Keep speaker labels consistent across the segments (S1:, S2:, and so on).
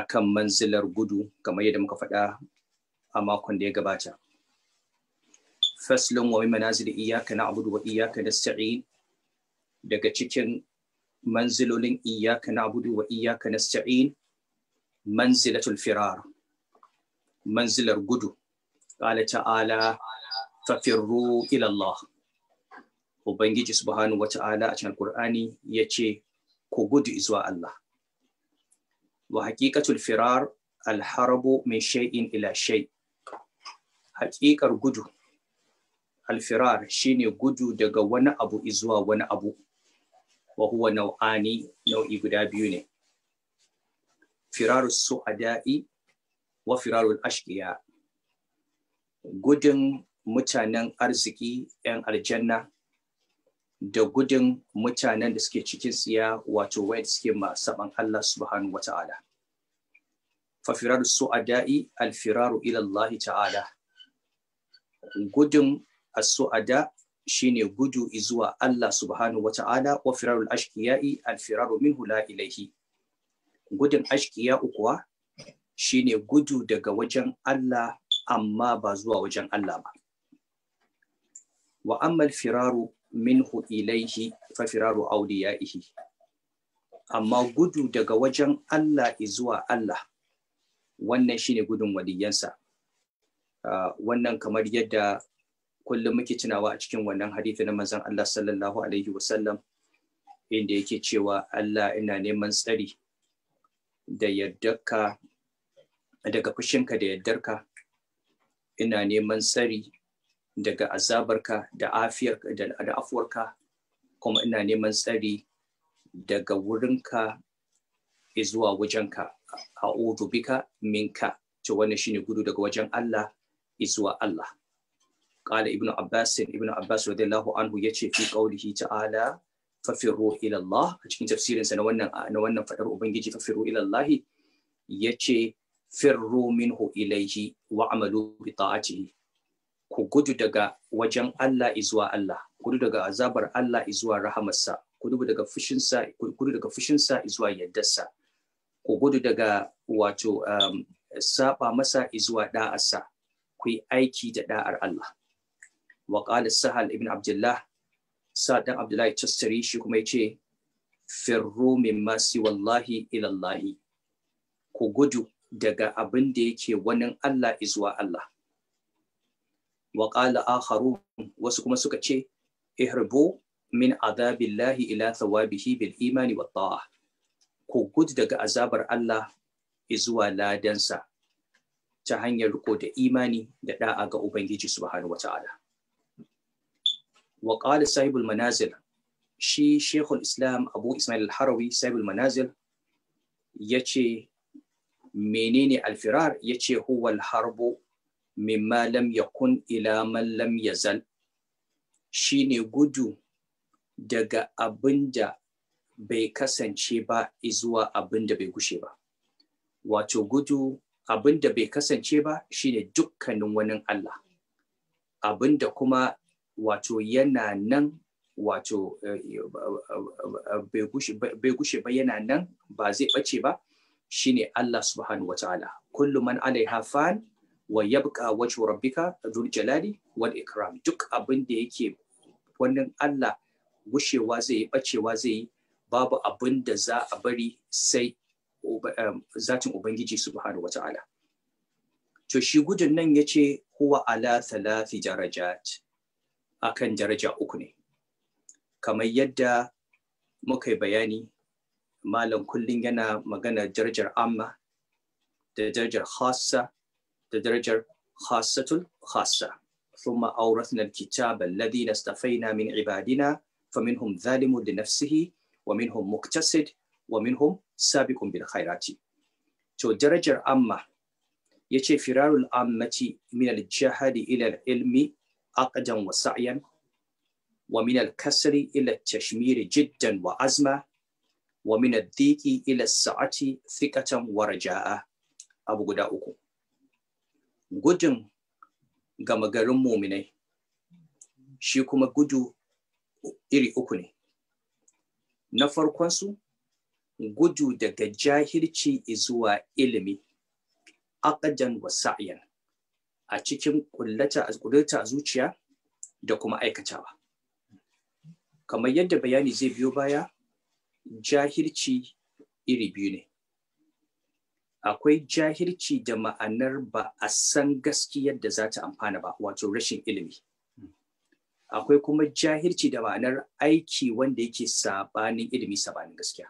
S1: akan manzilar gudu kamar yadda muka faɗa a makon da ya gabata Faslin wa min iyaka iyyaka na'budu wa iyyaka nasta'in daga cikin manzilolin iyyaka na'budu wa iyyaka nasta'in manzilatul firar manzilar gudu qala ta'ala fafirru ila ubangiji subhanahu wa ta'ala a cikin ya ce, ku gudu zuwa Allah wa haƙiƙatul firar alharabu min shay'in ila shai. haƙiƙar gudu alfirar shine gudu daga wani abu zuwa wani abu Wahuwa nau'ani nau'i guda biyu ne firaru su'ada'i wa firarul ashqiya gudun mutanen arziki 'yan aljanna da gudun mutanen da suke cikin tsiya wato wayanda suke masaban Allah subhanahu wa ta'ala. Fafiraru su'ada'i alfiraru ilallahi ta'ala. Gudun asu'ada shine gudu izuwa Allah subhanahu wa ta'ala wa firarul ashkiya'i alfiraru minhu la ilaihi. Gudun ashkiya kuwa shine gudu daga wajen Allah amma ba zuwa wajen Allah ba. Wa ammal firaru minhu ilaihi fafiraru ihi. amma gudu daga wajen Allah izuwa Allah wannan shine gudun waliyansa ah, wannan kamar yadda kullum muke tunawa a cikin wannan hadithi na manzon Allah sallallahu alaihi wasallam inda yake cewa Allah ina neman tsari da daga fushinka da yardarka ina neman tsari daga azabarka da afiyarka da afuwarka kuma ina neman tsari daga wurinka zuwa wajenka a bika minka to wannan shine gudu daga wajen Allah zuwa Allah قال ابن عباس abbas عباس anhu yace عنه يتي في قوله تعالى ففروا إلى A cikin tafsirin sa na wannan na wannan fadar ubangiji fafirru ila Allah yace firru minhu ilayhi wa amalu bi ta'atihi ku gudu daga wajen Allah izuwa Allah gudu daga azabar Allah izuwa rahamarsa gudu daga fushinsa gudu daga fushinsa izuwa yaddarsa ku gudu daga wato um, saba masa izuwa da'arsa ku yi aiki da da'ar Allah wa sahal ibn abdullah sa'ad abdullahi tastari shi kuma yace firru Masi wallahi ilallahi ku gudu daga abin da yake wani Allah izuwa Allah wa qala wasu kuma suka ce ihribu min azabillahi ila thawabihi bil imani wa ta'ah ku gudu daga azabar Allah izuwa ladansa ta hanyar riko da imani da da'a ga Ubangiji subhanahu wa ta'ala. Wa qala sahibul manazil shi Sheikhul Islam Abu Ismail al-Harawi sahibul manazil yace menene alfirar ya ce huwal Harbo? mimma lam yakun ila man lam yazal shine gudu daga abin da bai kasance ba zuwa abin da bai gushe ba wato gudu abin da bai kasance ba shine dukkanin wani Allah abin da kuma wato yana nan wato eh, bai gushe ba yana nan ba zai ɓace ba shine Allah subhanahu wa ta'ala kullu man alaiha fan wa yabqa wacce rabbika dhul jalali wal ikram duk abin da yake wannan Allah gushewa zai yi bacewa zai yi babu abin da za a bari sai zatin ubangiji subhanahu wata'ala to shi gudun nan yace huwa ala thalathi darajat akan daraja uku ne kamar yadda muka yi bayani malam kullum yana magana darajar amma da darajar khassa da darajar khassatul khassa thumma awrathna alkitaba alladhina istafaina min ibadina faminhum zalimun li nafsihi wa minhum muktasid wa minhum sabiqun bil khairati to darajar amma yace firarul ammati min al-jahadi ilmi aqdan wa sa'yan wa min al-kasri ila at jiddan wa azma wa min ad-dhiqi ila as-sa'ati thiqatan wa raja'a abu guda uku gudun gama garin muminai shi kuma gudu iri uku ne na farkon su, gudu daga jahilci zuwa ilimi aqdan wa a cikin kullata a zuciya da kuma aikatawa kamar yadda bayani zai biyo baya jahilci iri biyu ne akwai jahilci da ma'anar ba a san gaskiyar da za ta amfana ba wato rashin ilimi akwai kuma jahilci da ma'anar aiki wanda yake sabanin ilimi sabanin gaskiya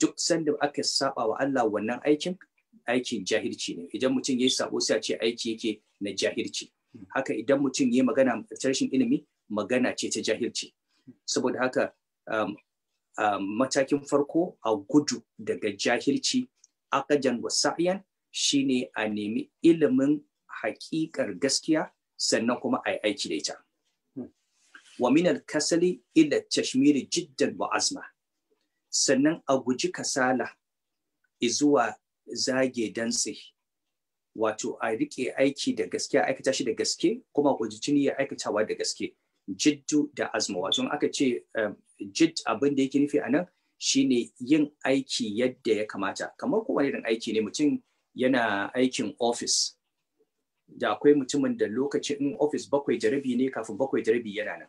S1: duk sanda aka saba wa Allah wannan aikin aikin jahilci ne idan mutum ya yi sabo sai a ce aiki yake na jahilci haka idan mutum ya magana ta rashin ilimi magana ce ta jahilci saboda haka um, um matakin farko a gudu daga jahilci Akajan wa sa'yan shine a nemi ilimin haƙiƙar gaskiya sannan kuma a yi aiki da ita hmm. wa minal kasali ila tashmiri jiddan wa azma sannan a guji kasala izuwa zage dantse wato a riƙe aiki da gaske aikata shi da gaske kuma guji ya aikatawa da gaske jiddu da azma wato aka ce eh, jid abin da yake nufi a nan shine yin aiki yadda ya kamata kamar kowane irin aiki ne mutum yana aikin ofis da akwai mutumin da lokaci in ofis bakwai jarabi ne kafin bakwai jarabi yana nan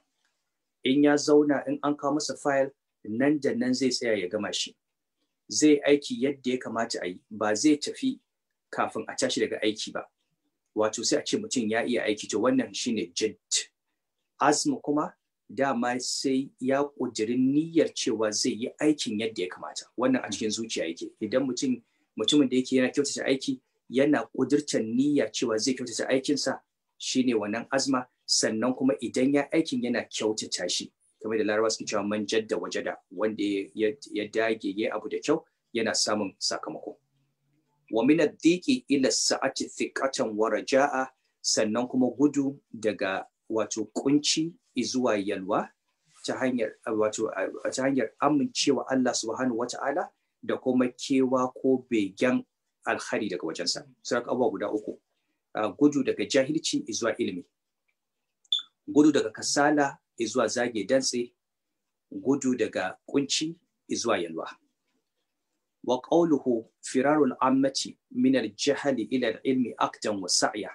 S1: in ya zauna in an kawo masa fayil nan da nan zai tsaya ya gama shi zai aiki yadda ya kamata a yi ba zai tafi kafin a tashi daga aiki ba wato sai a ce mutum ya iya aiki to wannan shine jid azmi kuma dama sai ya ƙudiri niyyar cewa zai yi aikin yadda ya kamata wannan a cikin zuciya yake idan mutum mutumin da yake yana kyautata aiki yana ƙudurtar niyyar cewa zai kyautata aikinsa shine wannan azma sannan kuma idan ya aikin yana kyautata shi kamar da larabawa suke cewa man jadda wajada wanda ya dage ya abu da kyau yana samun sakamako wa min ad-dhiqi ila sa'ati thiqatan wa raja'a sannan kuma gudu daga wato kunci izuwa yalwa ta hanyar wato ta hanyar amincewa Allah subhanahu wata'ala da kuma kewa ko begen alkhari daga wajensa sai abubuwa guda uku gudu daga jahilci izuwa ilimi gudu daga kasala izuwa zage dantse gudu daga kunci izuwa yalwa wa qawluhu firarul ammati min al-jahli ila al-ilmi aqdam wa sa'ya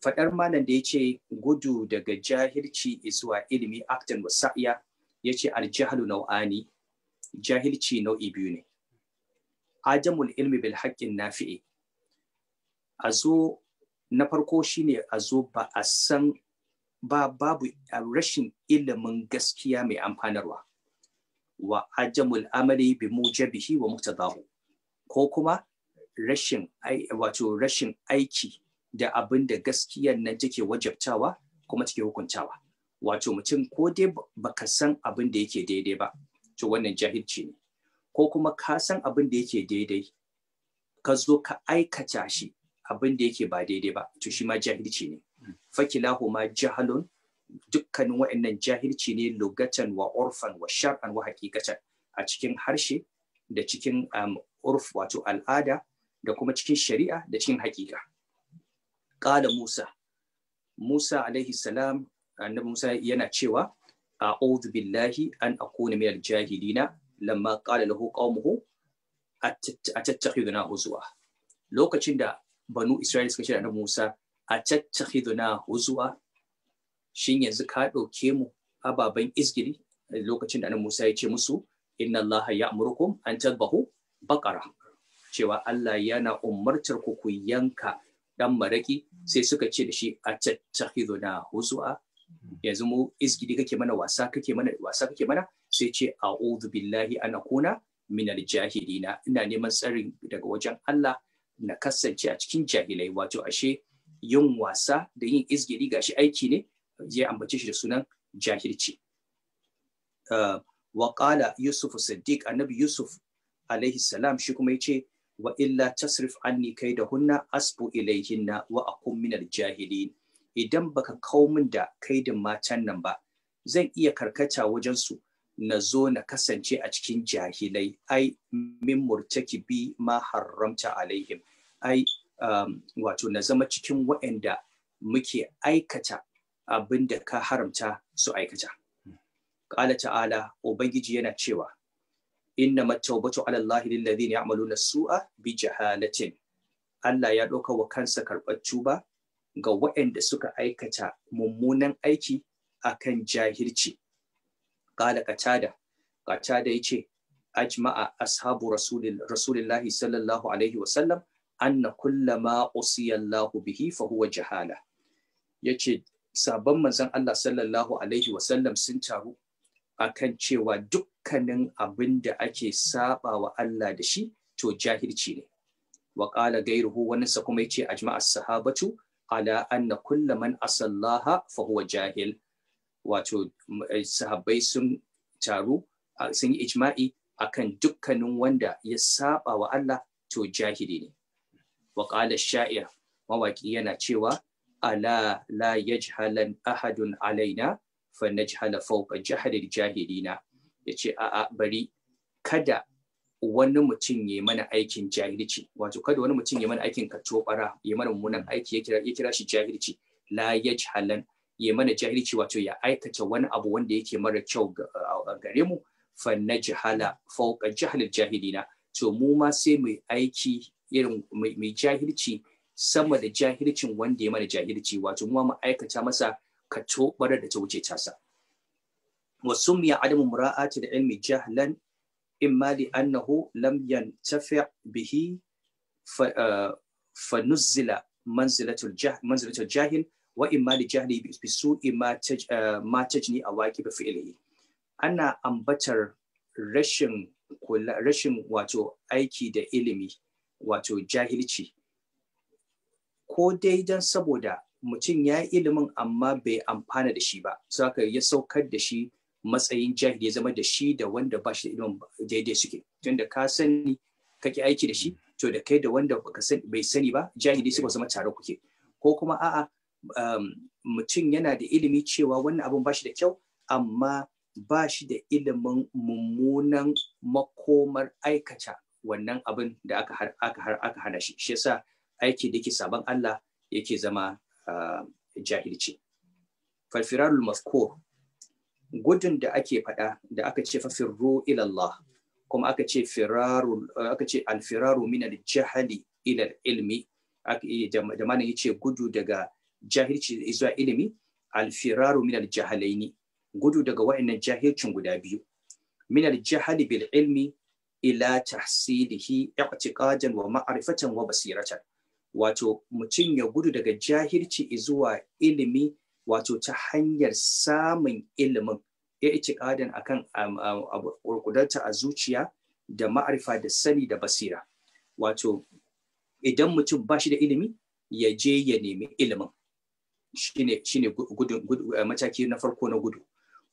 S1: faɗar malam da ya ce gudu daga jahilci zuwa ilimi aktan wasa'iya ya ce aljihalu nau'ani jahilci nau'i biyu ne adamul ilmi bil haƙƙin nafi'i a zo na farko shine a zo ba a san ba babu rashin ilimin gaskiya mai amfanarwa wa ajamul amali bi mujabihi wa muktadahu ko kuma rashin wato rashin aiki da abin da gaskiyar nan take wajabtawa kuma take hukuntawa wato mutum ko dai baka san abin da yake daidai ba to wannan jahilci ne ko kuma ka san abin da yake daidai ka zo ka aikata shi abin da yake ba daidai ba to shi ma jahilci ne fakilahu ma jahalun dukkanin wa'annan jahilci ne lugatan wa urfan wa shar'an wa hakikatan a cikin harshe da cikin um, urf wato al'ada da kuma cikin shari'a da cikin hakika Ƙala Musa, Musa alaihi salam, annabi Musa yana cewa, A'udhu billahi an akuna al jahilina lamma ƙala lahu qaumuhu atattakhiduna huzwa. Lokacin da Banu Isra'ila suka ce da annabi Musa, atattakhiduna huzwa shin yanzu ka ɗauke mu ababen izgiri lokacin da annabi Musa ya ce musu inna Allah ya an tadbahu baqara cewa Allah yana umartar ku ku yanka dan maraki sai suka ce da shi a tattakhidhu na husu'a. yanzu mu izgidi kake mana wasa kake mana wasa kake mana sai ce a'udhu billahi an akuna min aljahilina ina neman tsarin daga wajen Allah na kasance a cikin jahilai wato ashe yin wasa da yin izgidi gashi aiki ne ya ambace shi da sunan jahilci uh, wa qala yusuf siddiq annabi yusuf alaihi salam shi kuma yace wa illa tasrif anni kai da hunna asbu ilaihinna wa akum min jahilin idan baka kawo min da kaidin matan nan ba zan iya karkata wajen su na zo na kasance a cikin jahilai ai min murtaki bi ma haramta alaihim ai um, wato na zama cikin waɗanda muke aikata abin da ka haramta su aikata. Ƙala ta'ala Ubangiji yana cewa inna mattaubatu ala Allahi lil ladina ya'maluna su'a bi jahalatin Allah ya ɗauka wa kansa karɓar tuba ga waɗanda suka aikata mummunan aiki akan jahilci qala qatada qatada yace ajma'a ashabu rasulillahi sallallahu alaihi wasallam anna kullama usiya Allah bihi fa huwa jahala yace sabon manzon Allah sallallahu alaihi wasallam sun taru akan cewa dukkanin abin da ake saba wa Allah da shi to jahilci ne wa qala ghayruhu wani sa kuma yace ajma'a sahabatu ala anna kulla man asallaha fa jahil wato eh, sahabbai sun taru sun yi ijma'i akan dukkanin wanda ya saba wa Allah to jahili ne wa qala sha'ir mawaki yana cewa ala la yajhalan ahadun alaina fa hana fauka jahadar jahilina ce a'a bari kada wani mutum ya mana aikin jahilci wato kada wani mutum ya mana aikin katobara ya mana mummunan aiki ya kira, ya kira shi jahilci la halan ya mana jahilci wato ya aikata wani abu wanda yake mara kyau gare mu fa najhala fauka jahlil jahilina to mu ma sai mu aiki irin mai jahilci sama da jahilcin wanda ya mana jahilci wato mu ma aikata masa kacho barar da ta wuce tasa wasu miya adamu mura'ati da ilmi jahlan imma li annahu lam yantafi bihi fa uh, nuzzila manzilatul jahil wa imma li jahli bi uh, ma tajni a waqi bi fi'lihi ana ambatar rashin rashin wato aiki da ilimi wato jahilci ko dai don saboda mutum ya yi ilimin amma bai amfana da shi ba su aka ya saukar da shi matsayin jahili ya zama da shi da wanda ba shi da ilimin daidai suke tunda ka sani kake aiki da shi to da kai da wanda sani bai sani ba jahili suka zama tare kuke ko kuma a'a um, mutum yana da ilimi cewa wannan abun ba shi da kyau amma ba shi da ilimin mummunan makomar aikata wannan abin da aka aka hana shi shi yasa aiki da yake saban Allah yake zama Uh, jahilci falfirarul mafkur gudun da ake faɗa da aka ce fafirru ilallah kuma aka ce aka ce alfiraru minal jahali ilal ilmi da mana gudu daga jahilci zuwa ilimi alfiraru minal jahalaini gudu daga wa'annan jahilcin guda biyu minal jahali bil ilmi ila tahsilihi i'tiqadan wa ma'rifatan wa basiratan wato mutum ya gudu daga jahilci zuwa ilimi wato ta hanyar samun ilimin ya ici ƙadan akan kurkudarta um, um, a zuciya da ma'arifa da sani da basira wato idan mutum ba shi da ilimi ya je ya nemi ilimin shine ne eh, mataki na farko na gudu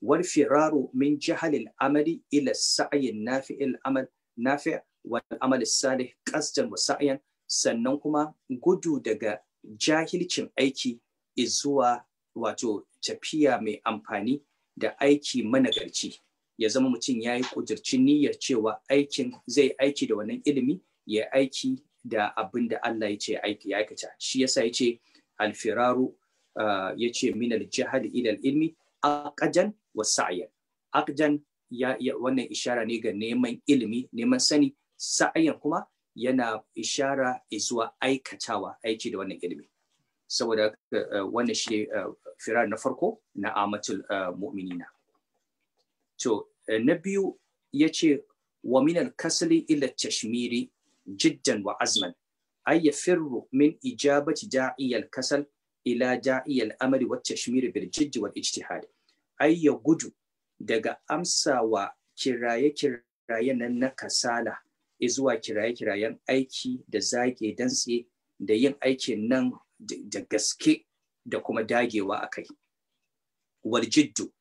S1: wal firaru min jahalil amali ila sa'ayin nafi'il amal nafi' wal amal salih qasdan wa sa'yan sannan kuma gudu daga jahilcin aiki zuwa wato tafiya mai amfani da aiki managarci ya zama mutum ya yi ƙudurcin niyyar cewa aikin zai aiki da wannan ilimi ya aiki da abin da Allah ya ce aiki ya aikata shi yasa ya ce alfiraru ah, ya ce minal jihad ilal ilmi aqjan wa sa'yan aqjan ya wannan ishara ne ga neman ilimi neman sani sa'yan kuma yana ishara zuwa aikatawa aiki da wannan ilimi saboda eh, wannan shi eh, fira na farko na amatul eh, mu'minina to na biyu ya ce wa minal kasali ila tashmiri jiddan wa azman ya firru min ijabati da'iyal kasal ila da'iyal amali wa tashmiri bil jiddi wal ijtihad ai ya gudu daga amsawa kiraye kiraye nan na kasala zuwa kiraye-kirayen aiki da zage dantse da yin aikin nan da gaske da kuma dagewa a kai. Wal jiddu,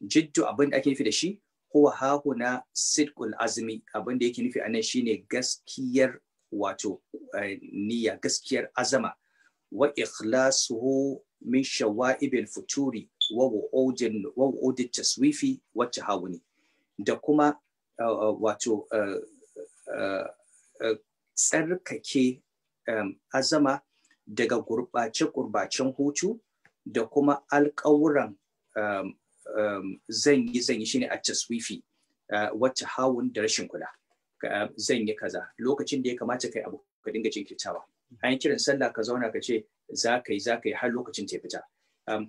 S1: jiddu abin da ake nufi da shi, huwa hahuna sidqul azmi abin da yake nufi a nan shi ne gaskiyar wato eh, niyya gaskiyar azama wa ikhlasuhu min shawa'ibil futuri wa wu'udin taswifi wacce hawuni da kuma eh, wato eh, Eh, tsarkake azama daga gurbace-gurbacen hutu da kuma alƙawuran zan yi zan yi shi ne a taswifi eh, wacce hawun da rashin kula eh, zan yi kaza lokacin da ya kamata kai abu ka dinga jinkirtawa an yi kiran sallah ka zauna ka ce za ka yi za ka yi har lokacin ta fita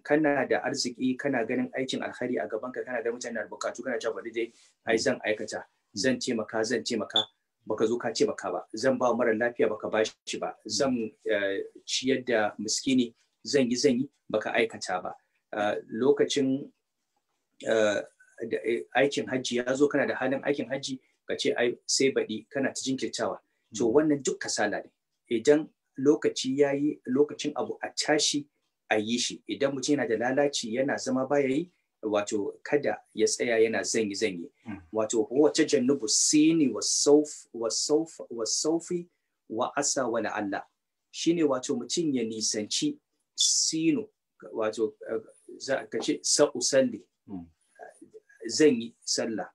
S1: kana da arziki kana ganin aikin alhari a gabanka kana da mutane da bukatu kana cewa bari dai ai zan aikata zan taimaka zan taimaka baka zo ka ce baka ba zan ba mara lafiya baka ba shi ba zan eh, ciyar da miskini zan yi zan yi baka aikata ba eh, lokacin eh, aikin hajji ya zo kana da halin aikin hajji ka ce ai sai baɗi kana ta jinkirtawa to hmm. wannan duk kasala ne idan lokaci ya yi lokacin abu a tashi a yi shi idan mutum yana da lalaci yana zama baya yi wato kada ya tsaya yana zanyi zanyi hmm. wato wace tajannubu sini wa saufi wa asa wa la'alla ne wato mutum ya nisanci sino wato eh, ka ce sa'usalli hmm. zan yi sallah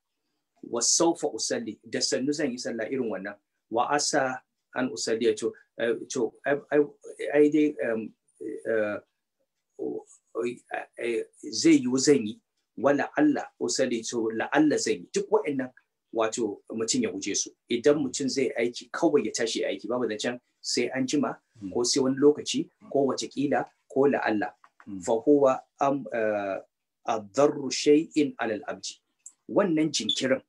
S1: wa saufa usalli da sannu zan yi sallah irin wannan wa asa an usalli ya eh, ce ai dai eh, zai yiwu zan yi wala Allah usali to Allah zan yi duk waɗannan wato mutum ya guje su idan mutum zai aiki kawai ya tashi aiki babu da can sai an jima hmm. ko sai wani lokaci ko wace kila ko Allah hmm. fa huwa am adarru shay'in alal abdi wannan jinkirin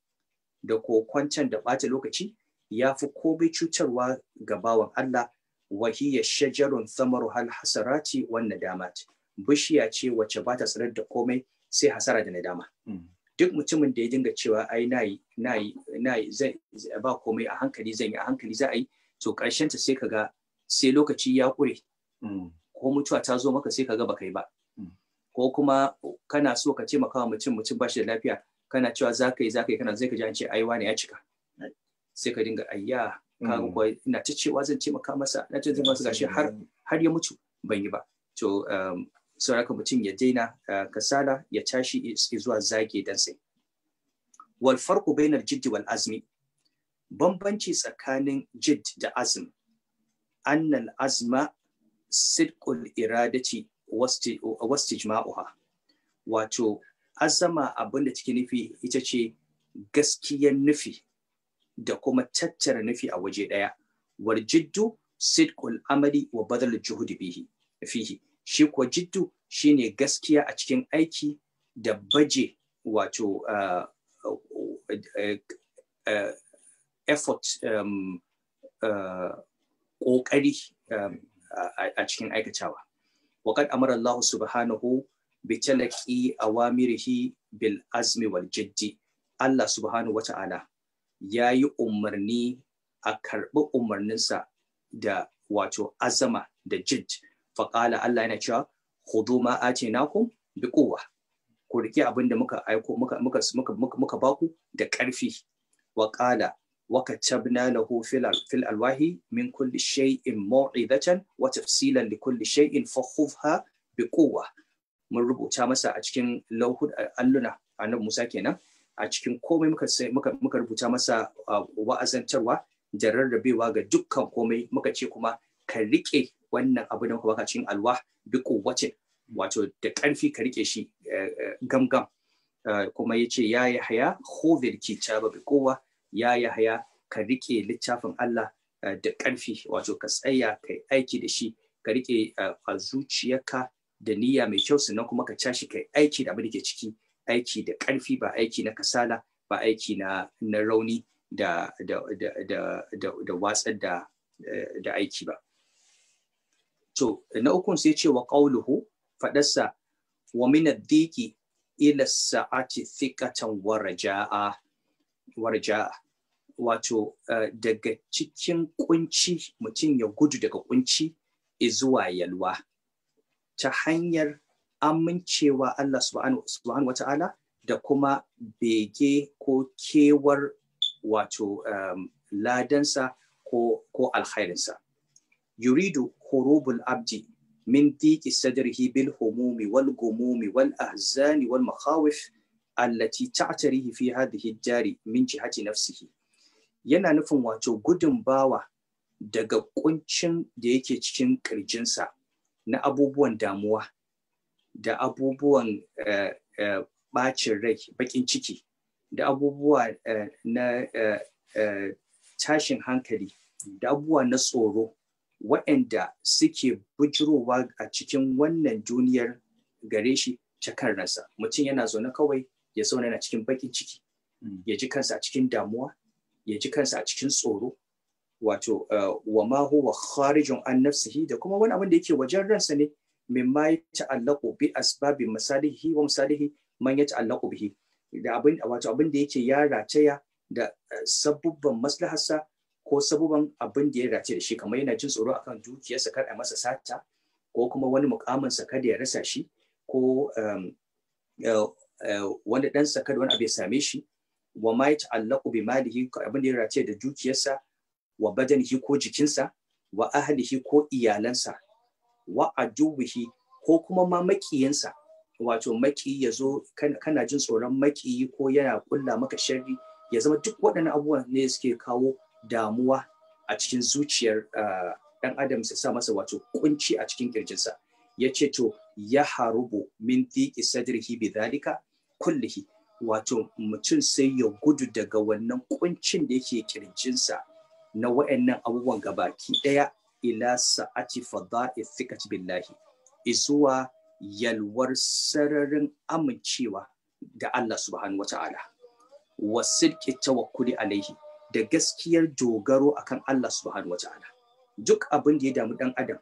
S1: da ko kwancan da ɓata lokaci ya fi komai cutarwa ga bawan Allah wahiya shajarun samaru hal hasarati wannan nadamat bishiya ce wacce ba ta tsirar da komai sai hasara da nadama hmm. duk mutumin da ya dinga cewa ai yi, na yi, zai ba komai a hankali zan yi a hankali za a yi to ƙarshen ta sai kaga sai lokaci ya ƙure. Hmm. ko mutuwa ta zo maka sai kaga baka yi ba hmm. ko kuma kana so ka ce makawa mutum mutum ba shi da lafiya kana cewa za ka yi za ka yi kana zai ka ji an ce ai wane ya cika sai ka dinga ayya ka ga kuwa ina ta cewa zan ce maka masa na ce zan masa gashi har har ya mutu ban yi ba to um, sau haka mutum ya daina eh, kasala ya tashi zuwa zage dan sai wal farqu bainal jiddi wal azmi bambanci tsakanin jidd da azm annal azma sidqul iradati wastijma'uha wato azama abinda ciki take nufi ita ce gaskiyar nufi da kuma tattara nufi a waje ɗaya wal jiddu sidqul amali wa badal juhudi bihi fihi shi kuwa jiddu ne gaskiya a cikin aiki da baje wato uh, uh, uh, effort um, ƙoƙari um, a cikin aikatawa. Waƙad amara Allah subhanahu bi talaki awamirihi bil azmi wal jiddi. Allah subhanahu wata'ala ya yi umarni a karɓi umarninsa da wato azama da jidd faƙala Allah yana cewa khudu ma naku bi quwwa ku riƙe abin da muka aiko muka muka muka muka baku da ƙarfi wa qala wa katabna lahu fil fil alwahi min kulli shay'in mu'idatan wa tafsilan li kulli shay'in fakhudha bi quwwa mun rubuta masa a cikin lauhud alluna annab Musa kenan a cikin komai muka muka muka rubuta masa wa'azantarwa da rarrabewa ga dukkan komai muka ce kuma ka riƙe. wannan abu da kuma cikin alwa bi wacce wato da karfi ka rike shi eh, eh, gamgam eh, kuma ya ce ya haya ko khudhil kitaba ba kowa ya haya ka rike littafin Allah da karfi wato ka tsaya kai aiki da shi ka rike a zuciyarka da niyya mai kyau sannan kuma ka tashi kai aiki da abin da ke ciki aiki da karfi ba aiki na kasala ba aiki na na rauni da da da da da watsar da da aiki ba to na ukun sai ce wa qauluhu fadarsa wa min ad-diki ila sa'ati thiqatan wa raja'a wa raja'a wato eh, daga cikin kunci mutum ya gudu daga kunci zuwa yalwa ta hanyar amincewa Allah subhanahu wa ta'ala da kuma bege ko kewar wato um, ladansa ko, ko alkhairinsa. yuridu hurubul abdi min tiki sadrihi bil humumi wal gumumi wal ahzani wal makhawif allati ta'tarihi fi hadhihi jari min jihati nafsihi yana nufin wato gudun bawa daga ƙuncin da yake cikin ƙirjinsa, na abubuwan damuwa da abubuwan eh, eh, ɓacin rai baƙin ciki da abubuwa eh, na tashin hankali da abubuwa na tsoro waɗanda suke bujirowa a cikin wannan duniyar gare shi ta kan ransa mutum yana zaune kawai ya zauna na cikin bakin ciki hmm. ya ji kansa a cikin damuwa ya ji kansa a cikin tsoro wato eh, wa ma huwa kharijun an nafsihi da kuma wani abin da yake wajen ransa ne ma ya ta'allaqu bi asbabi masalihi wa masalihi man ya ta'allaqu bihi da abin wato abin da yake ya rataya da eh, sabubban maslaharsa ko sabuban abin da ya dace da shi kamar yana jin tsoro akan dukiyarsa kar a masa sata ko kuma wani mukaminsa kada ya rasa shi ko um, uh, uh, wani ɗansa kada wani abu ya same shi wa ma ya ta'allaqu bi malihi abin da ya dace da dukiyarsa wa badanihi ko jikinsa wa ahlihi ko iyalansa wa ajubihi ko kuma ma wato maki ya zo kana jin tsoron maki ko yana kulla maka sharri ya zama duk waɗannan abubuwan ne suke kawo damuwa a cikin zuciyar ah, ɗan adam su sa masa wato kunci a cikin kirjinsa ya ce to ya harubu min diki sadrihi bi dhalika kullihi wato mutum sai ya gudu daga wannan kuncin da yake kirjinsa na wa'annan abubuwan gabaki ɗaya ila sa'ati fada'i thiqati billahi izuwa yalwar sararin amincewa da Allah subhanahu wa ta'ala wa sidki tawakkuli alaihi da gaskiyar dogaro akan Allah subhanahu wa ta'ala duk abin da ya damu dan adam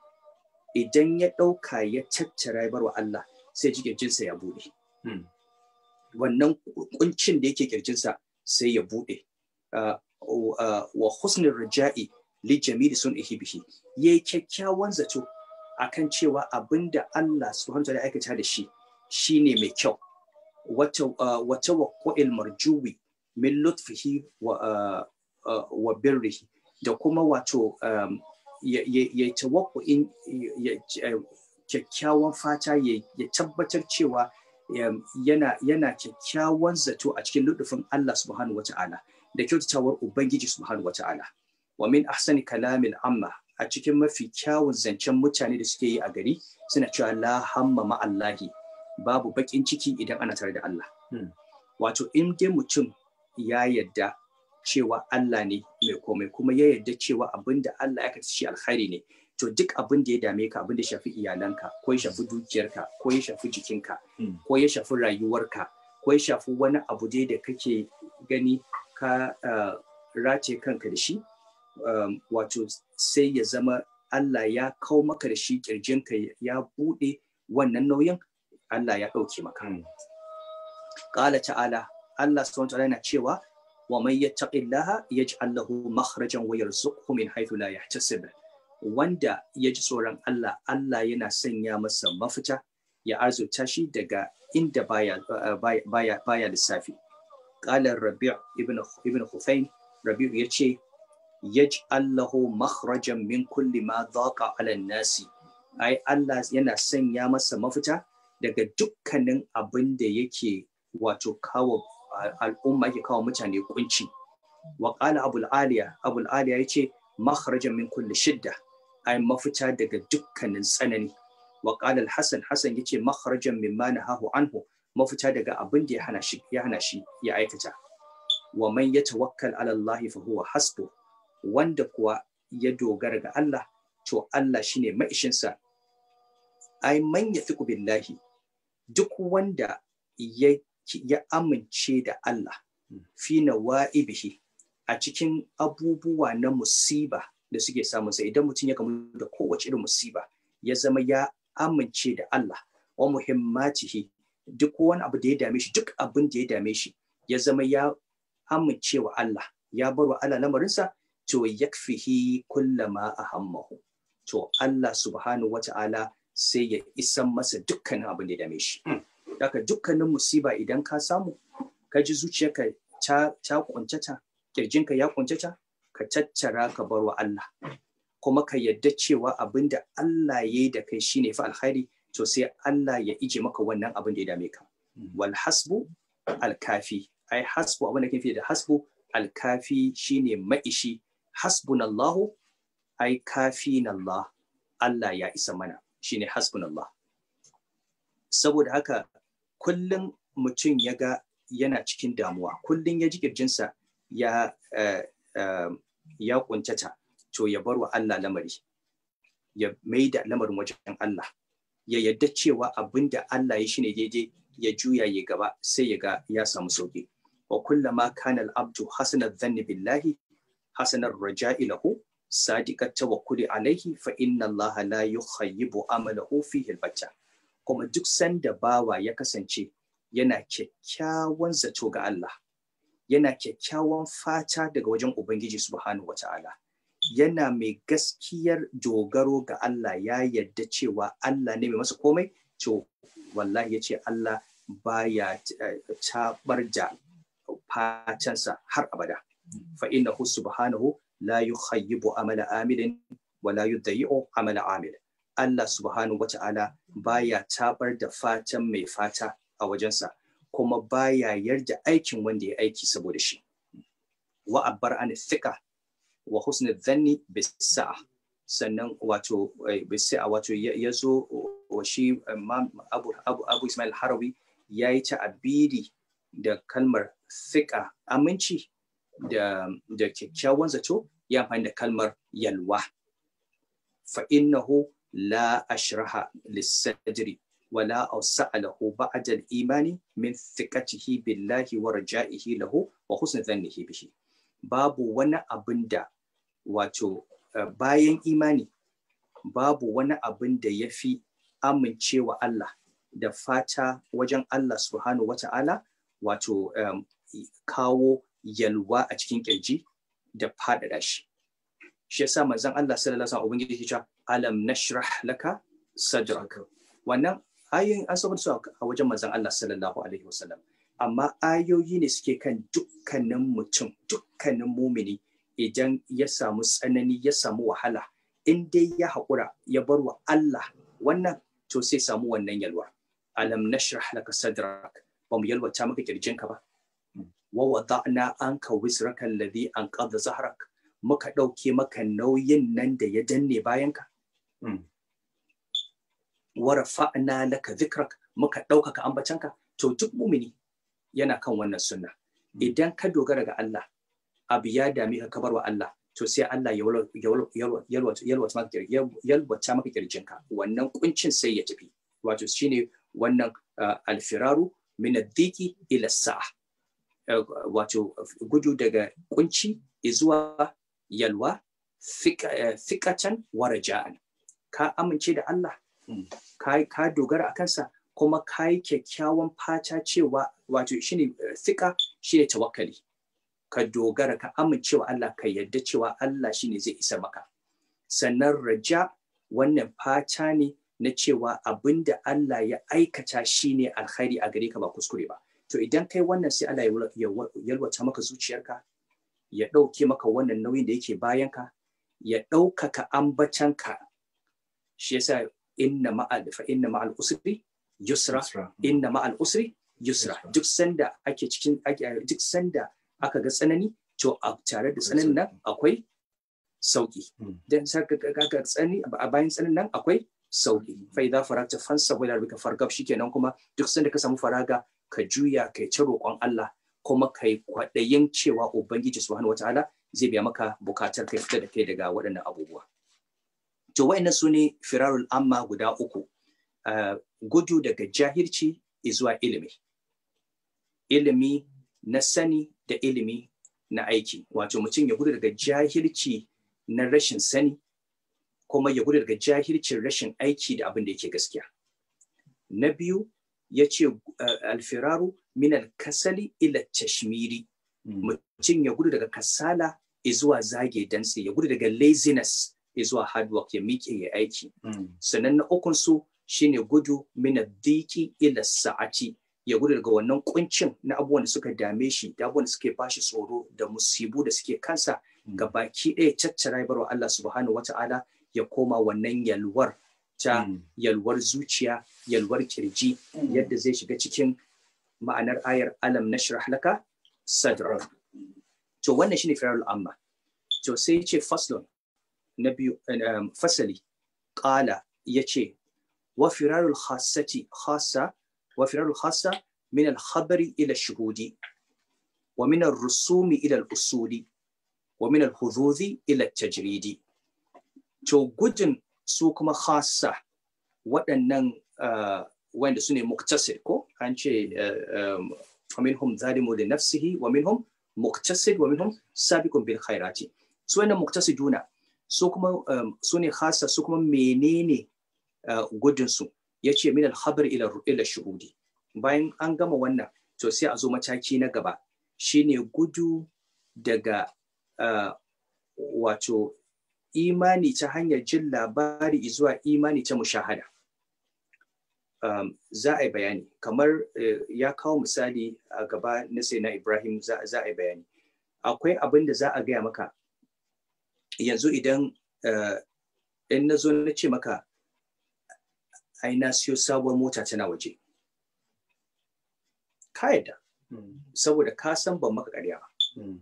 S1: idan ya ɗauka ya caccara ya wa Allah sai ji kirjinsa ya buɗe hmm. wannan ƙuncin da yake kirjinsa sai ya buɗe ah, wa husnin raja'i li jamili sun bihi yayi kyakkyawan zato akan cewa abin da Allah subhanahu wa ta'ala aikata da shi shine mai kyau wata ah, wa ko'il marjubi min lutfihi ah, Uh, wa birrihi da kuma wato um, ya tawakku in kyakkyawan fata ya tabbatar cewa um, yana kyakkyawan zato a cikin ludufin Allah subhanahu wa ta'ala da kyautatawar Ubangiji subhanahu wa ta'ala wa min ahsani kalamin amma a cikin mafi kyawun zancen mutane da suke yi a gari suna cewa la hamma ma'allahi babu bakin ciki idan ana tare da Allah hmm. wato in dai mutum ya yadda cewa Allah ne mai komai kuma ya yarda cewa abin da Allah ya ka shi alkhairi ne to duk abin da ya dame ka abin da shafi iyalanka ko ya shafi dukiyarka ko ya shafi jikinka hmm. ko ya shafi rayuwarka ko ya shafi wani abu dai da kake gani ka eh, race kanka da shi ehm, wato sai ya zama Allah ya kawo maka da shi ka ya bude wannan nauyin Allah ya ɗauke maka. Ƙala hmm. ta'ala Allah sun yana cewa ومن يتق الله يجعل له مخرجا ويرزقه من حيث لا يحتسب wanda ya ji tsoron Allah Allah yana sanya masa mafita ya arzuta shi daga inda baya eh, lissafi qala rabi' ibn ibn hufayn rabi' yace yaj'al lahu makhrajan min kulli ma dhaqa 'ala nasi ai Allah yana sanya masa mafita daga dukkanin abinda da yake wato kawo al'umma yake kawo mutane kunci wa qala abul aliya abul aliya yace min kulli shidda ai mafita daga dukkanin tsanani wa Hassan, Hassan hasan ce yace makhrajan mimma hahu anhu mafita daga abin da ya hana shi ya hana shi ya aikata wa man ala fa huwa hasbu wanda kuwa ya dogara ga Allah to Allah shine maishinsa ai man yathiqu billahi duk wanda ya ya amince da Allah fi na wa'ibihi a cikin abubuwa na musiba da suke samun sai idan mutum ya kamu da kowace irin musiba ya zama ya amince da Allah wa muhimmatihi duk wani abu da ya dame shi duk abin da ya dame shi ya zama ya amince wa Allah ya bar wa Allah lamarinsa to yakfihi kullama ahammahu to Allah subhanahu wata'ala sai ya isan masa dukkanin abin da ya dame shi Daga dukkanin musiba idan ka samu, ka ji zuciyarka ka ta kuncata, kirjinka ya kuncata, ka tattara ka bar wa Allah. Kuma ka yadda cewa abin da Allah ya yi da kai shine fa alkhairi, to sai Allah ya ije maka wannan abin da ya dame ka. Wal hasbu alkafi. Ai hasbu abin da ke da hasbu alkafi shine ma'ishi. Hasbunallahu ai kafi Allah Allah ya isa mana shine hasbunallah saboda haka kullum mutum ya ga yana cikin damuwa kullum ya ji kirjinsa ya eh, eh, ya kuntata to ya bar wa Allah lamari ya mai da lamarin wajen Allah ya yadda cewa abin da Allah ya ne daidai ya juya ya gaba sai ya ga ya samu sauki wa kullama kana al-abdu hasana dhanni billahi hasana raja'i lahu sadiqat tawakkuli alayhi fa inna Allah la yukhayyibu amalahu fihi al-batta kuma duk sanda bawa ya kasance yana kyakkyawan zato ga Allah yana kyakkyawan fata daga wajen Ubangiji subhanahu wa ta'ala yana mai gaskiyar dogaro ga Allah ya yadda cewa Allah ne mai masa komai to wallahi ya ce Allah baya eh, tabar da fatansa har abada fa innahu subhanahu la yukhayyibu amala amilin wala la yudayyi'u amala amilin Allah subhanahu wa ta'ala baya tabar da fatan mai fata a wajensa kuma baya yarda aikin wanda ya aiki saboda shi wa abbar an thiqa wa husnul dhanni bisa'a sannan wato eh, bisa'a wato ya zo shi eh, abu abu Ismail Harawi yayi abidi da kalmar thiqa aminci da da kyakkyawan zato ya amfani da kalmar yalwa fa innahu la ashraha lis-sadri ولا أوسع له بعد الإيمان من ثقته بالله ورجائه له وحسن ظنه به babu wani abin da wato eh, bayan imani babu wani abin da ya fi amincewa Allah da fata wajen Allah subhanahu wa ta'ala wato kawo yalwa a cikin ƙirji da faɗaɗa shi shi yasa manzon Allah sallallahu alaihi wasallam ubangiji ya ce alam nashrah laka sadrak wannan ayoyin an saba su a wajen manzon Allah sallallahu alaihi wasallam amma ayoyi ne suke kan dukkanin mutum dukkanin mumini idan ya samu tsanani ya samu wahala in dai ya haƙura ya bar wa Allah wannan to sai samu wannan yalwa alam nashrah laka sadrak ba mu yalwata maka kirjinka ba wa wada'na anka wizraka ladhi anqadha zahrak muka ɗauke maka nauyin nan da ya danne bayanka hmm. wara fa'ana laka zikrak muka ɗaukaka ambacanka to duk mumini yana kan wannan sunna hmm. idan ka dogara ga Allah abu ya dami ka kabar wa Allah to sai Allah yalwata maka kirjinka wannan kuncin sai ya tafi wato shine wannan ah, alfiraru mina diki ila sa'a eh, wato gudu daga kunci zuwa yalwa fikacen eh, waraja'an ka amince da Allah hmm. ka dogara a kansa kuma ka yi kyakkyawan fata cewa wato shi shine eh, fika ne tawakkali ka dogara ka amincewa Allah ka yarda cewa Allah shi ne zai isa maka sannan raja wannan fata ne na cewa abin da Allah ya aikata shi ne alkhairi a gare ka ba kuskure ba to idan kai wannan sai Allah ya yalwata maka zuciyarka ya ɗauke maka wannan nauyin da yake bayanka ya ɗaukaka ambacanka shi yasa inna ma'al fa inna ma'al usri yusra hmm. inna ma'al usri yusra duk sanda ake cikin duk sanda aka ga tsanani to a tare da tsananin hmm. nan akwai sauki dan saka ga tsani a bayan tsananin nan akwai sauki fa idza faragta fansa wala bika fargab shikenan kuma duk sanda ka samu faraga ka juya kai ci roƙon Allah kuma kai kwaɗayin cewa ubangiji subhanahu wataala zai biya maka bukatar kai fita da kai daga waɗannan abubuwa to wayannan su ne firarul amma guda uku uh, gudu daga jahilci zuwa ilimi ilimi na sani da ilimi na aiki wato mutum ya gudu daga jahilci na rashin sani kuma ya gudu daga jahilcin rashin aiki da abin da yake gaskiya na biyu ya ce eh, alfiraru minal kasali ila tashmiri hmm. mutum ya gudu daga kasala zuwa zage dantse ya gudu daga laziness zuwa hard work ya miƙe ya aiki hmm. sannan na ukun su shine gudu mina diki ila sa'ati ya gudu daga wannan kuncin na abubuwan da suka dame shi da abubuwan da suke bashi tsoro da musibu da suke kansa hmm. ga baki ɗaya caccara ya barwa Allah subhanahu wata'ala ya koma wannan yalwar ta mm. yalwar zuciya yalwar kirji mm. yadda zai shiga cikin ma'anar ayar alam na laka sadra to wannan shine firarul amma to sai ya ce faslon na biyu um, fasali qala ya ce wa firarul khassati khassa wa firarul khassa min al khabari ila shuhudi wa min al rusumi ila al usuli wa min al hududi ila al tajridi to gudun su kuma khasa waɗannan uh, wanda su ne muktasir ko an ce uh, um, faminhum zalimu li nafsihi wa minhum muktasid wa minhum sabiqun bil khairati su wannan muktasiduna su kuma um, su ne khasa su kuma menene uh, gudunsu, su yace min al khabar ila ila shuhudi bayan an gama wannan to sai a zo mataki na gaba shine gudu daga wato imani ta hanyar jin labari zuwa imani ta mushahada um, za a yi bayani kamar uh, ya kawo misali a gaba na sai na ibrahim za, a yi bayani akwai abin da za a gaya maka yanzu idan uh, in na zo na ce maka ai na siyo sabuwar mota tana waje ka yadda mm. saboda ka san ban maka karya ba mm.